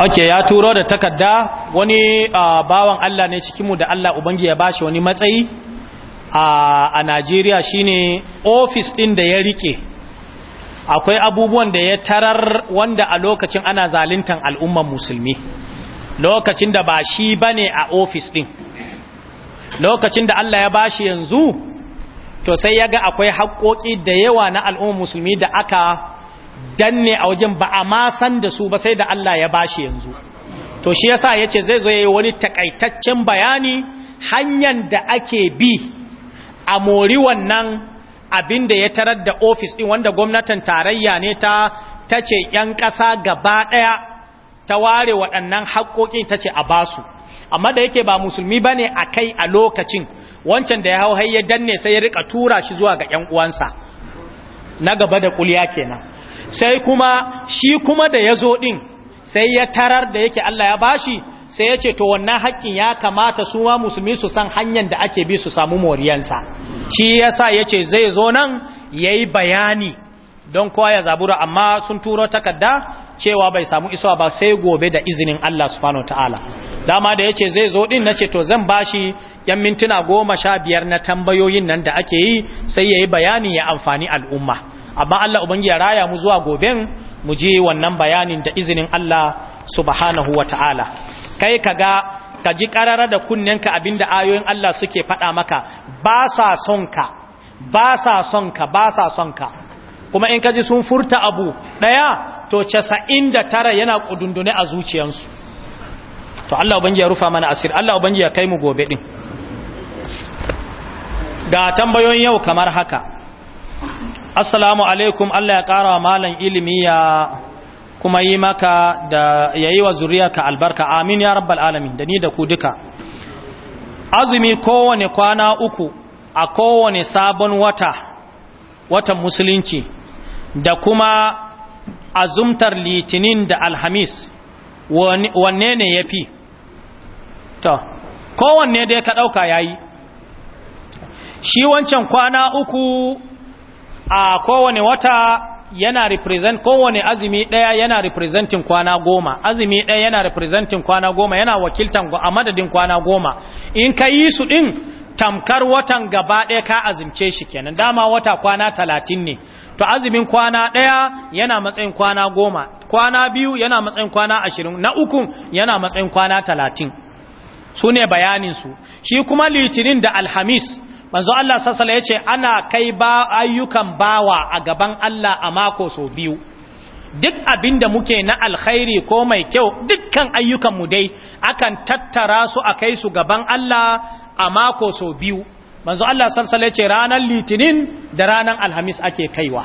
ok ya turo da takarda wani bawan Allah ne cikinmu da Allah ubangi ya bashi wani matsayi a Najeriya shine ofis din da ya rike akwai abubuwan da ya tarar wanda a lokacin ana zalintan al'umman musulmi lokacin da ba shi bane a ofis din lokacin da Allah ya bashi yanzu to sai ya ga akwai haƙoƙi da yawa na al'umma musulmi da aka danne a wajen ba a ma san da su ba sai da Allah ya bashi yanzu to shi yasa ya ce zai zo ya yi wani takaitaccen bayani hanyar da ake bi a mori wannan abin da ya tarar da ofis ɗin wanda gwamnatin tarayya ne ta tace yan ƙasa gaba ɗaya ta ware waɗannan haƙoƙin tace a basu amma da yake ba musulmi bane a kai a lokacin wancan da ya hau ya danne sai ya rika tura shi zuwa ga ƴan uwansa na gaba da kuliya kenan sai kuma shi kuma da ya zo din sai ya tarar da yake Allah ya bashi sai yace to wannan haƙƙin ya kamata su ma musulmi su san hanyar da ake bi su samu moriyansa shi yasa yace zai zo nan yayi bayani don kowa ya zabura amma sun turo takarda cewa bai samu isowa ba sai gobe da izinin Allah subhanahu wataala dama da yace zai zo ɗin na ce to zan bashi yan mintuna goma sha biyar na tambayoyin nan da ake yi sai yayi bayani ya amfani al'umma amma Allah ubangi raya mu zuwa goben mu je wannan bayanin da izinin Allah subhanahu wataala kai ka ga, ka ji karara da kunnenka abinda ayoyin Allah suke faɗa maka ba sa son ka ba sa son ka ba sa son ka kuma in ka ji sun furta abu ɗaya to 99 yana ƙudundune a zuciyarsu. to Allah ubangi ya rufa mana asir Allah ubangi ya kai mu gobe din ga tambayoyin yau kamar haka assalamu alaikum Allah ya kara wa malan ilimi ya kuma yi maka da yayi wa zuriyarka albarka amin ya rabbal alamin da ni da ku duka azumi kowane kwana uku a kowane sabon wata watan musulunci da kuma azumtar litinin da alhamis wanne ne ya fi to kowanne dai ka ɗauka ya yi shi wancan kwana uku a kowane wata yana represent kowane azumi daya yana representing kwana goma azumi daya yana representing kwana goma yana wakiltan a madadin kwana goma in ka yi su din tamkar watan gaba daya ka azumce shi kenan dama wata kwana talatin ne to azumin kwana daya yana matsayin kwana goma kwana biyu yana matsayin kwana ashirin na ukun yana matsayin kwana talatin su ne bayaninsu shi kuma litinin da alhamis manzo Allah sassala ya ce ana kai ba ayyukan bawa a gaban Allah a mako sau biyu duk abinda muke na alkhairi ko mai kyau dukkan ayyukanmu dai akan tattara su a kai su gaban Allah a mako sau biyu manzo Allah sassala ya ce ranar litinin da ranar alhamis ake kaiwa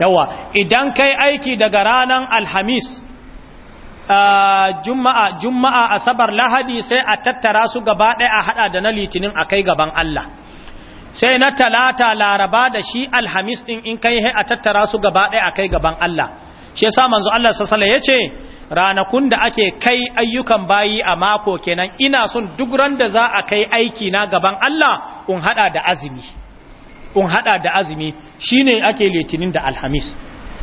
yawa idan kai aiki daga ranar alhamis juma'a juma'a asabar lahadi sai a tattara su gaba ɗaya a haɗa da na litinin a kai gaban Allah sai na talata laraba da shi alhamis din in kai a tattara su gaba ɗaya a kai gaban Allah shi yasa manzo Allah sallallahu ya ce ranakun da ake kai ayyukan bayi a mako kenan ina son duk ran da za a kai aiki na gaban Allah un hada da azumi un hada da azumi shine ake litinin da alhamis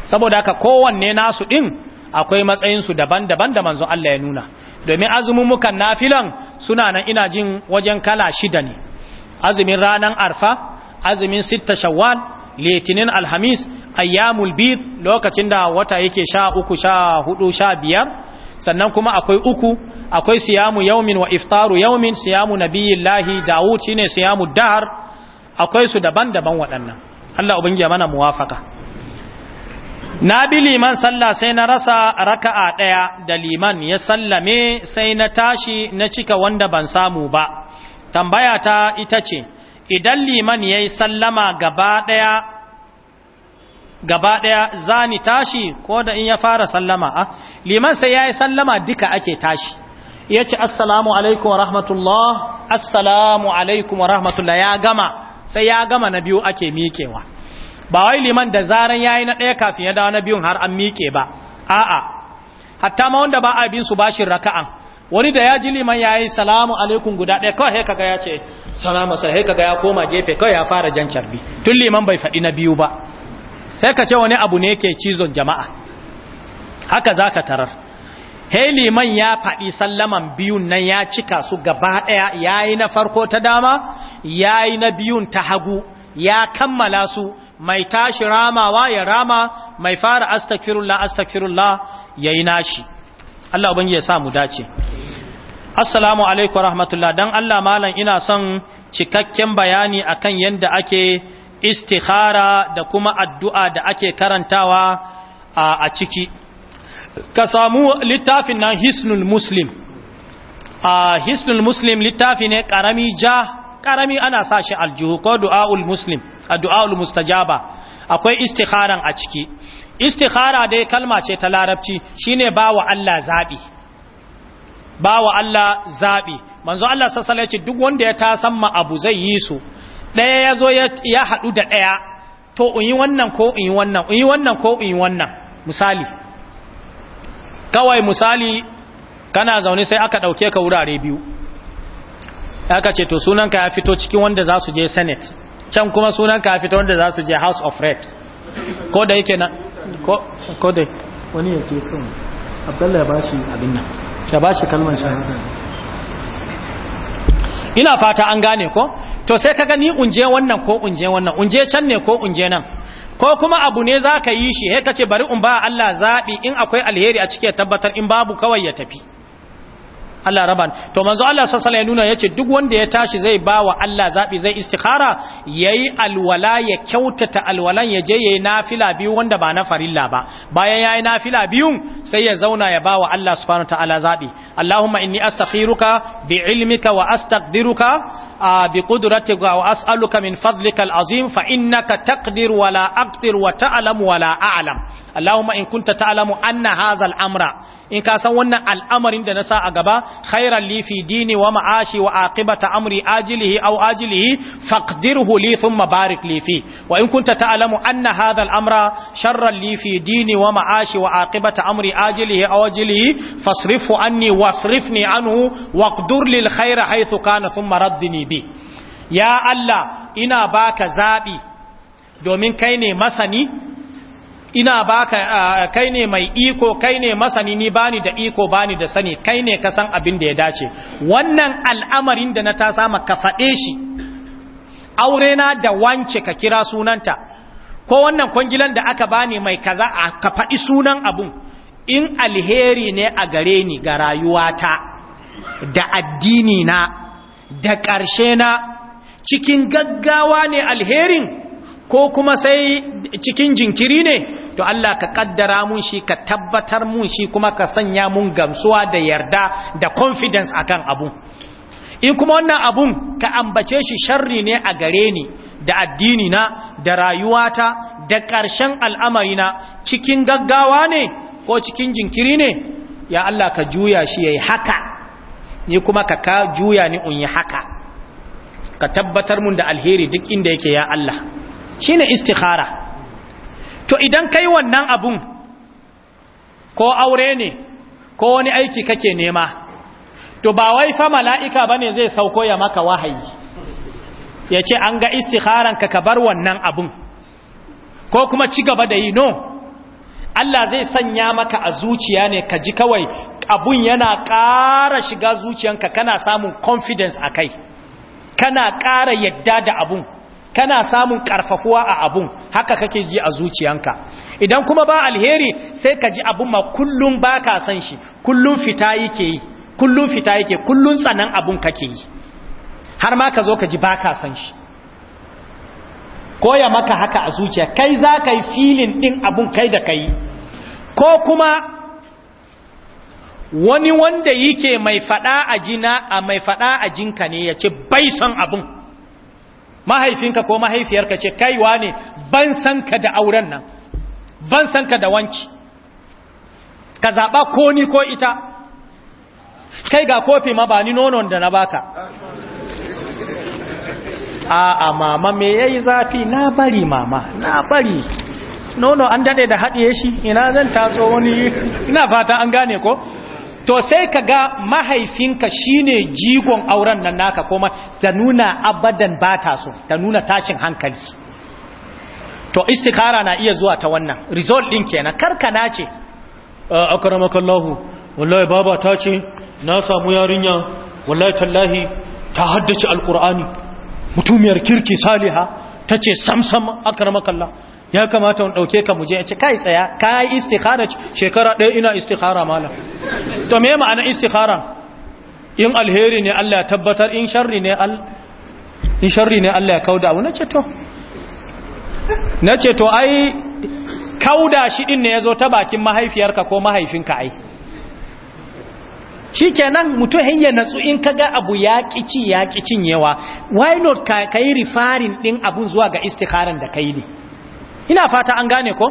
saboda haka kowanne nasu din akwai matsayinsu daban-daban da manzon Allah ya nuna domin azumumukan nafilan suna nan ina jin wajen kala shida ne azumin ranar arfa azumin sitta shawwal litinin alhamis ayyamul bid lokacin da wata yake sha uku sha hudu sha biyar sannan kuma akwai uku akwai siyamu yaumin wa iftaru yaumin siyamu nabiyillahi dawud shine siyamu dahar akwai su daban-daban waɗannan Allah ubangiji mana muwafaka na bi liman sallah sai na rasa raka'a ɗaya da liman ya sallame sai na tashi na cika wanda ban samu ba tambaya ta ita ce idan liman ya yi sallama gaba ɗaya gaba za tashi ko da in ya fara sallama a ah, liman sai ya yi sallama duka ake tashi ya ce assalamu alaikum wa rahmatullah assalamu alaikum wa rahmatullah ya gama sai ya gama na biyu ake miƙewa ba wai liman da zaran yayi na ɗaya kafin ya dawo na biyun har an miƙe ba a'a hatta ma wanda ba a bin su bashin raka'an wani da ya ji liman yayi salamu alaikum guda ɗaya kawai sai kaga ya ce salamu sai sai kaga ya koma gefe kawai ya fara jan carbi tun liman bai faɗi na biyu ba sai ka ce wani abu ne ke cizon jama'a haka zaka tarar hei liman ya faɗi sallaman biyun nan ya cika su gaba ɗaya yayi na farko ta dama ya na biyun ta hagu ya kammala su mai tashi ramawa ya rama mai fara astakfirullah astakfirullah yayi nashi Allah ubangi ya sa mu dace assalamu alaikum rahmatullah dan Allah malam ina son cikakken bayani akan yanda ake istikhara da kuma addu'a da ake karantawa a ciki ka samu littafin nan hisnul muslim a hisnul muslim littafi ne karami ja karami ana sa shi aljihu ko du'a'ul muslim du'a'ul mustajaba akwai istikharan a ciki istikhara dai kalma ce ta larabci shine ba wa Allah zabi wa Allah zabi manzo Allah sallallahu alaihi duk wanda ya tasamma abu zai yi su daya yazo ya hadu da daya to in yi wannan ko in yi wannan in yi wannan ko in yi wannan misali kawai misali kana zaune sai aka dauke ka wurare biyu aka ce to sunanka ya fito cikin wanda za su je senate can kuma sunanka ya fito wanda za su je house of reps ko da yake na ko da wani ya ce kan abdullahi ya bashi abin nan ya bashi kalmar shahada ina fata an gane ko to sai kaga ni unje wannan ko unje wannan unje can ne ko unje nan ko kuma abu ne za ka yi shi he ka ce bari in ba Allah zaɓi in akwai alheri a cike tabbatar in babu kawai ya tafi Allah raban to manzo Allah sallallahu alaihi nuna yace duk wanda ya tashi zai bawa Allah zabi zai istikhara yayi alwala ya kyautata alwalan ya je yayi nafila biyu wanda ba na farilla ba bayan yayi nafila biyun sai ya zauna ya bawa Allah subhanahu ta'ala zabi Allahumma inni astakhiruka bi ilmika wa astaqdiruka bi qudratika wa as'aluka min fadlika azim fa innaka taqdir wa la aqdir wa ta'lam wa la a'lam Allahumma in kunta ta'lamu anna hadha al-amra in ka san wannan al'amarin da na sa a gaba khairan li fi dini wa ma'ashi wa aqibata amri ajilihi aw ajilihi faqdirhu li thumma barik li fi wa in kunta ta'lamu anna hadha al'amra sharran li fi dini wa ma'ashi wa aqibata amri ajilihi aw ajilihi fasrifhu anni wasrifni anhu waqdur lil khaira haythu kana thumma raddini bi ya Allah ina baka zabi domin kai ne masani ina baka kai ne mai iko kai ne masani ni bani da iko bani da sani kai ne ka san abin da ya dace wannan al'amarin da na ta sama ka faɗe shi aure na da wance ka kira sunanta ko wannan kwangilan da aka bani mai kaza a ka faɗi sunan abun in alheri ne a gare ni ga rayuwata da addini na da ƙarshe na cikin gaggawa ne alherin ko kuma sai cikin jinkiri ne to Allah ka kaddara mun shi ka tabbatar mun shi kuma ka sanya mun gamsuwa da yarda da confidence akan abu. in kuma wannan abun ka ambace shi sharri ne a gare ni da addini na da rayuwata da ƙarshen al'amarina cikin gaggawa ne ko cikin jinkiri ne ya Allah ka juya shi yayi haka ni kuma ka ka juya ni un yi haka ka tabbatar mun da alheri duk inda yake ya Allah shine istikhara to idan kai wannan abun ko aure ne ko wani aiki kake nema to ba wai fa mala'ika bane zai sauko ya maka wahayi ya ce an ga istikharan ka kabar wannan abun ko kuma ci gaba da yi no Allah zai sanya maka a zuciya ne ka ji kawai abun yana ƙara shiga zuciyanka kana samun confidence a kai kana ƙara yadda da abun kana samun karfafuwa a abun haka kake ji a zuciyanka idan kuma ba alheri sai ka ji abun ma kullum ba ka san shi kullum fita yake yi kullum fita yake kullum tsanan abun kake yi har ma ka zo ka ji ba ka san shi koya maka haka a zuciya kai za ka yi filin ɗin abun kai da kai ko kuma wani wanda yake mai fada a jina a mai fada a jinka ne yace bai son abun mahaifinka ko mahaifiyarka ce kaiwa ne ban san ka da auren nan ban san ka da wanki ka zaɓa ko ni ko ita kai ga kofi ma ba ni nonon da na baka a'a mama me yayi zafi na bari mama na bari nono an dade da haɗiye shi ina zan taso wani ina fata an gane ko to sai ka ga mahaifinka shine jigon auren nan naka kuma ta nuna abadan ba ta so ta nuna tashin hankali to istikhara na iya zuwa ta wannan result din kenan karkana ce akramakallahu wallahi baba ta ce na samu yarinya wallahi tallahi ta haddace alqur'ani mutumiyar kirki saliha tace samsam akramakallahu ya kamata wani ɗauke ka muje ya ce kai tsaya ka yi istikhara shekara ɗaya ina istikhara malam to me ma'ana istikhara in alheri ne Allah ya tabbatar in sharri ne in sharri ne Allah ya kauda abu ce to nace to ai kauda shi din ne yazo ta bakin mahaifiyarka ko mahaifinka ai shi kenan mutum hanya natsu in kaga abu ya kici ya kicin yawa why not ka kai referring din abun zuwa ga istikharan da kai ne ina fata an gane ko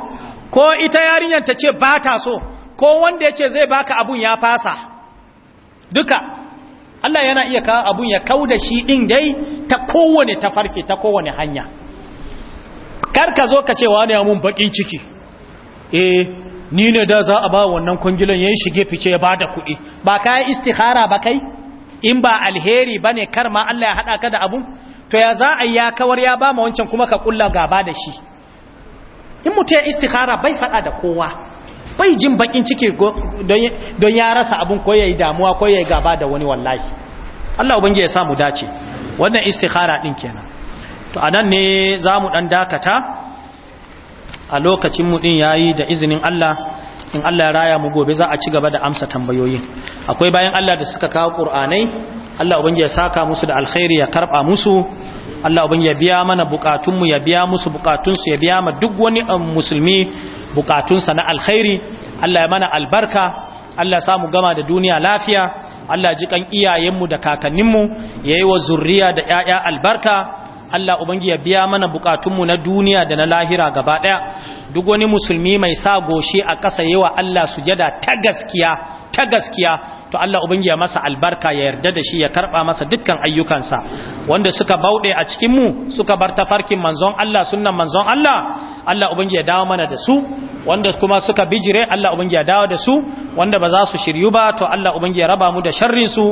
ko ita yarinyar ta ce ba ta so ko wanda ya ce zai baka abun ya fasa duka Allah yana iya kawo abun ya kau da shi ɗin dai ta kowane ta farke ta kowane hanya kar ka zo ka ce wani ya mun bakin ciki eh ni ne da za a ba wannan kungilan yayin shige fice ya bada kuɗi ba ka yi istikhara ba kai in ba alheri bane kar ma Allah ya hada ka da abun to ya za a yi ya kawar ya ba ma wancan kuma ka kulla gaba da shi in mutu ya istihara bai faɗa da kowa bai jin bakin ciki don ya rasa abin ko ya yi damuwa ko ya yi gaba da wani wallahi Allah ubangi ya mu dace wannan istihara din kenan to a nan ne za mu ɗan dakata a lokacin mu ɗin yayi da izinin Allah in Allah ya raya mu gobe za a ci gaba da amsa tambayoyi akwai bayan Allah da suka kawo ƙur'anai Allah ubangi ya saka musu da alkhairi ya karɓa musu Allah Ubangi ya biya mana bukatunmu ya biya musu bukatunsu ya biya ma duk wani um, musulmi bukatunsa na alkhairi Allah ya mana albarka Allah samu gama da duniya lafiya Allah ji kan iyayenmu da kakanninmu ya yi wa zurriya da ‘ya'ya albarka Allah ubangi ya biya mana bukatunmu na duniya da na lahira gaba ɗaya duk wani musulmi mai sa goshi a ƙasa yawa Allah su jada ta gaskiya ta gaskiya to Allah ubangiya masa albarka ya yarda da shi ya karba masa dukkan ayyukansa wanda suka bauɗe a cikin mu suka bar tafarkin manzon Allah sunnan manzon Allah Allah ya dawo mana da su wanda kuma suka bijire Allah ya dawo da su wanda ba za su shiryu ba to Allah ubangi ya raba mu da sharrin su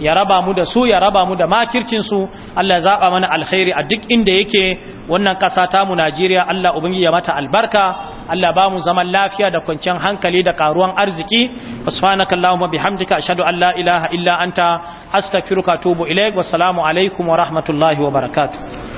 ya raba mu da su ya raba mu da makircin su Allah ya zaba mana alkhairi a duk inda yake wannan ƙasa tamu Najeriya Allah ubangi ya mata albarka Allah ba mu zaman lafiya da kwanciyar hankali da karuwan arziki subhanaka allahumma bihamdika ashhadu an la ilaha illa anta astaghfiruka wa atubu ilaik wassalamu alaikum wa rahmatullahi wa barakatuh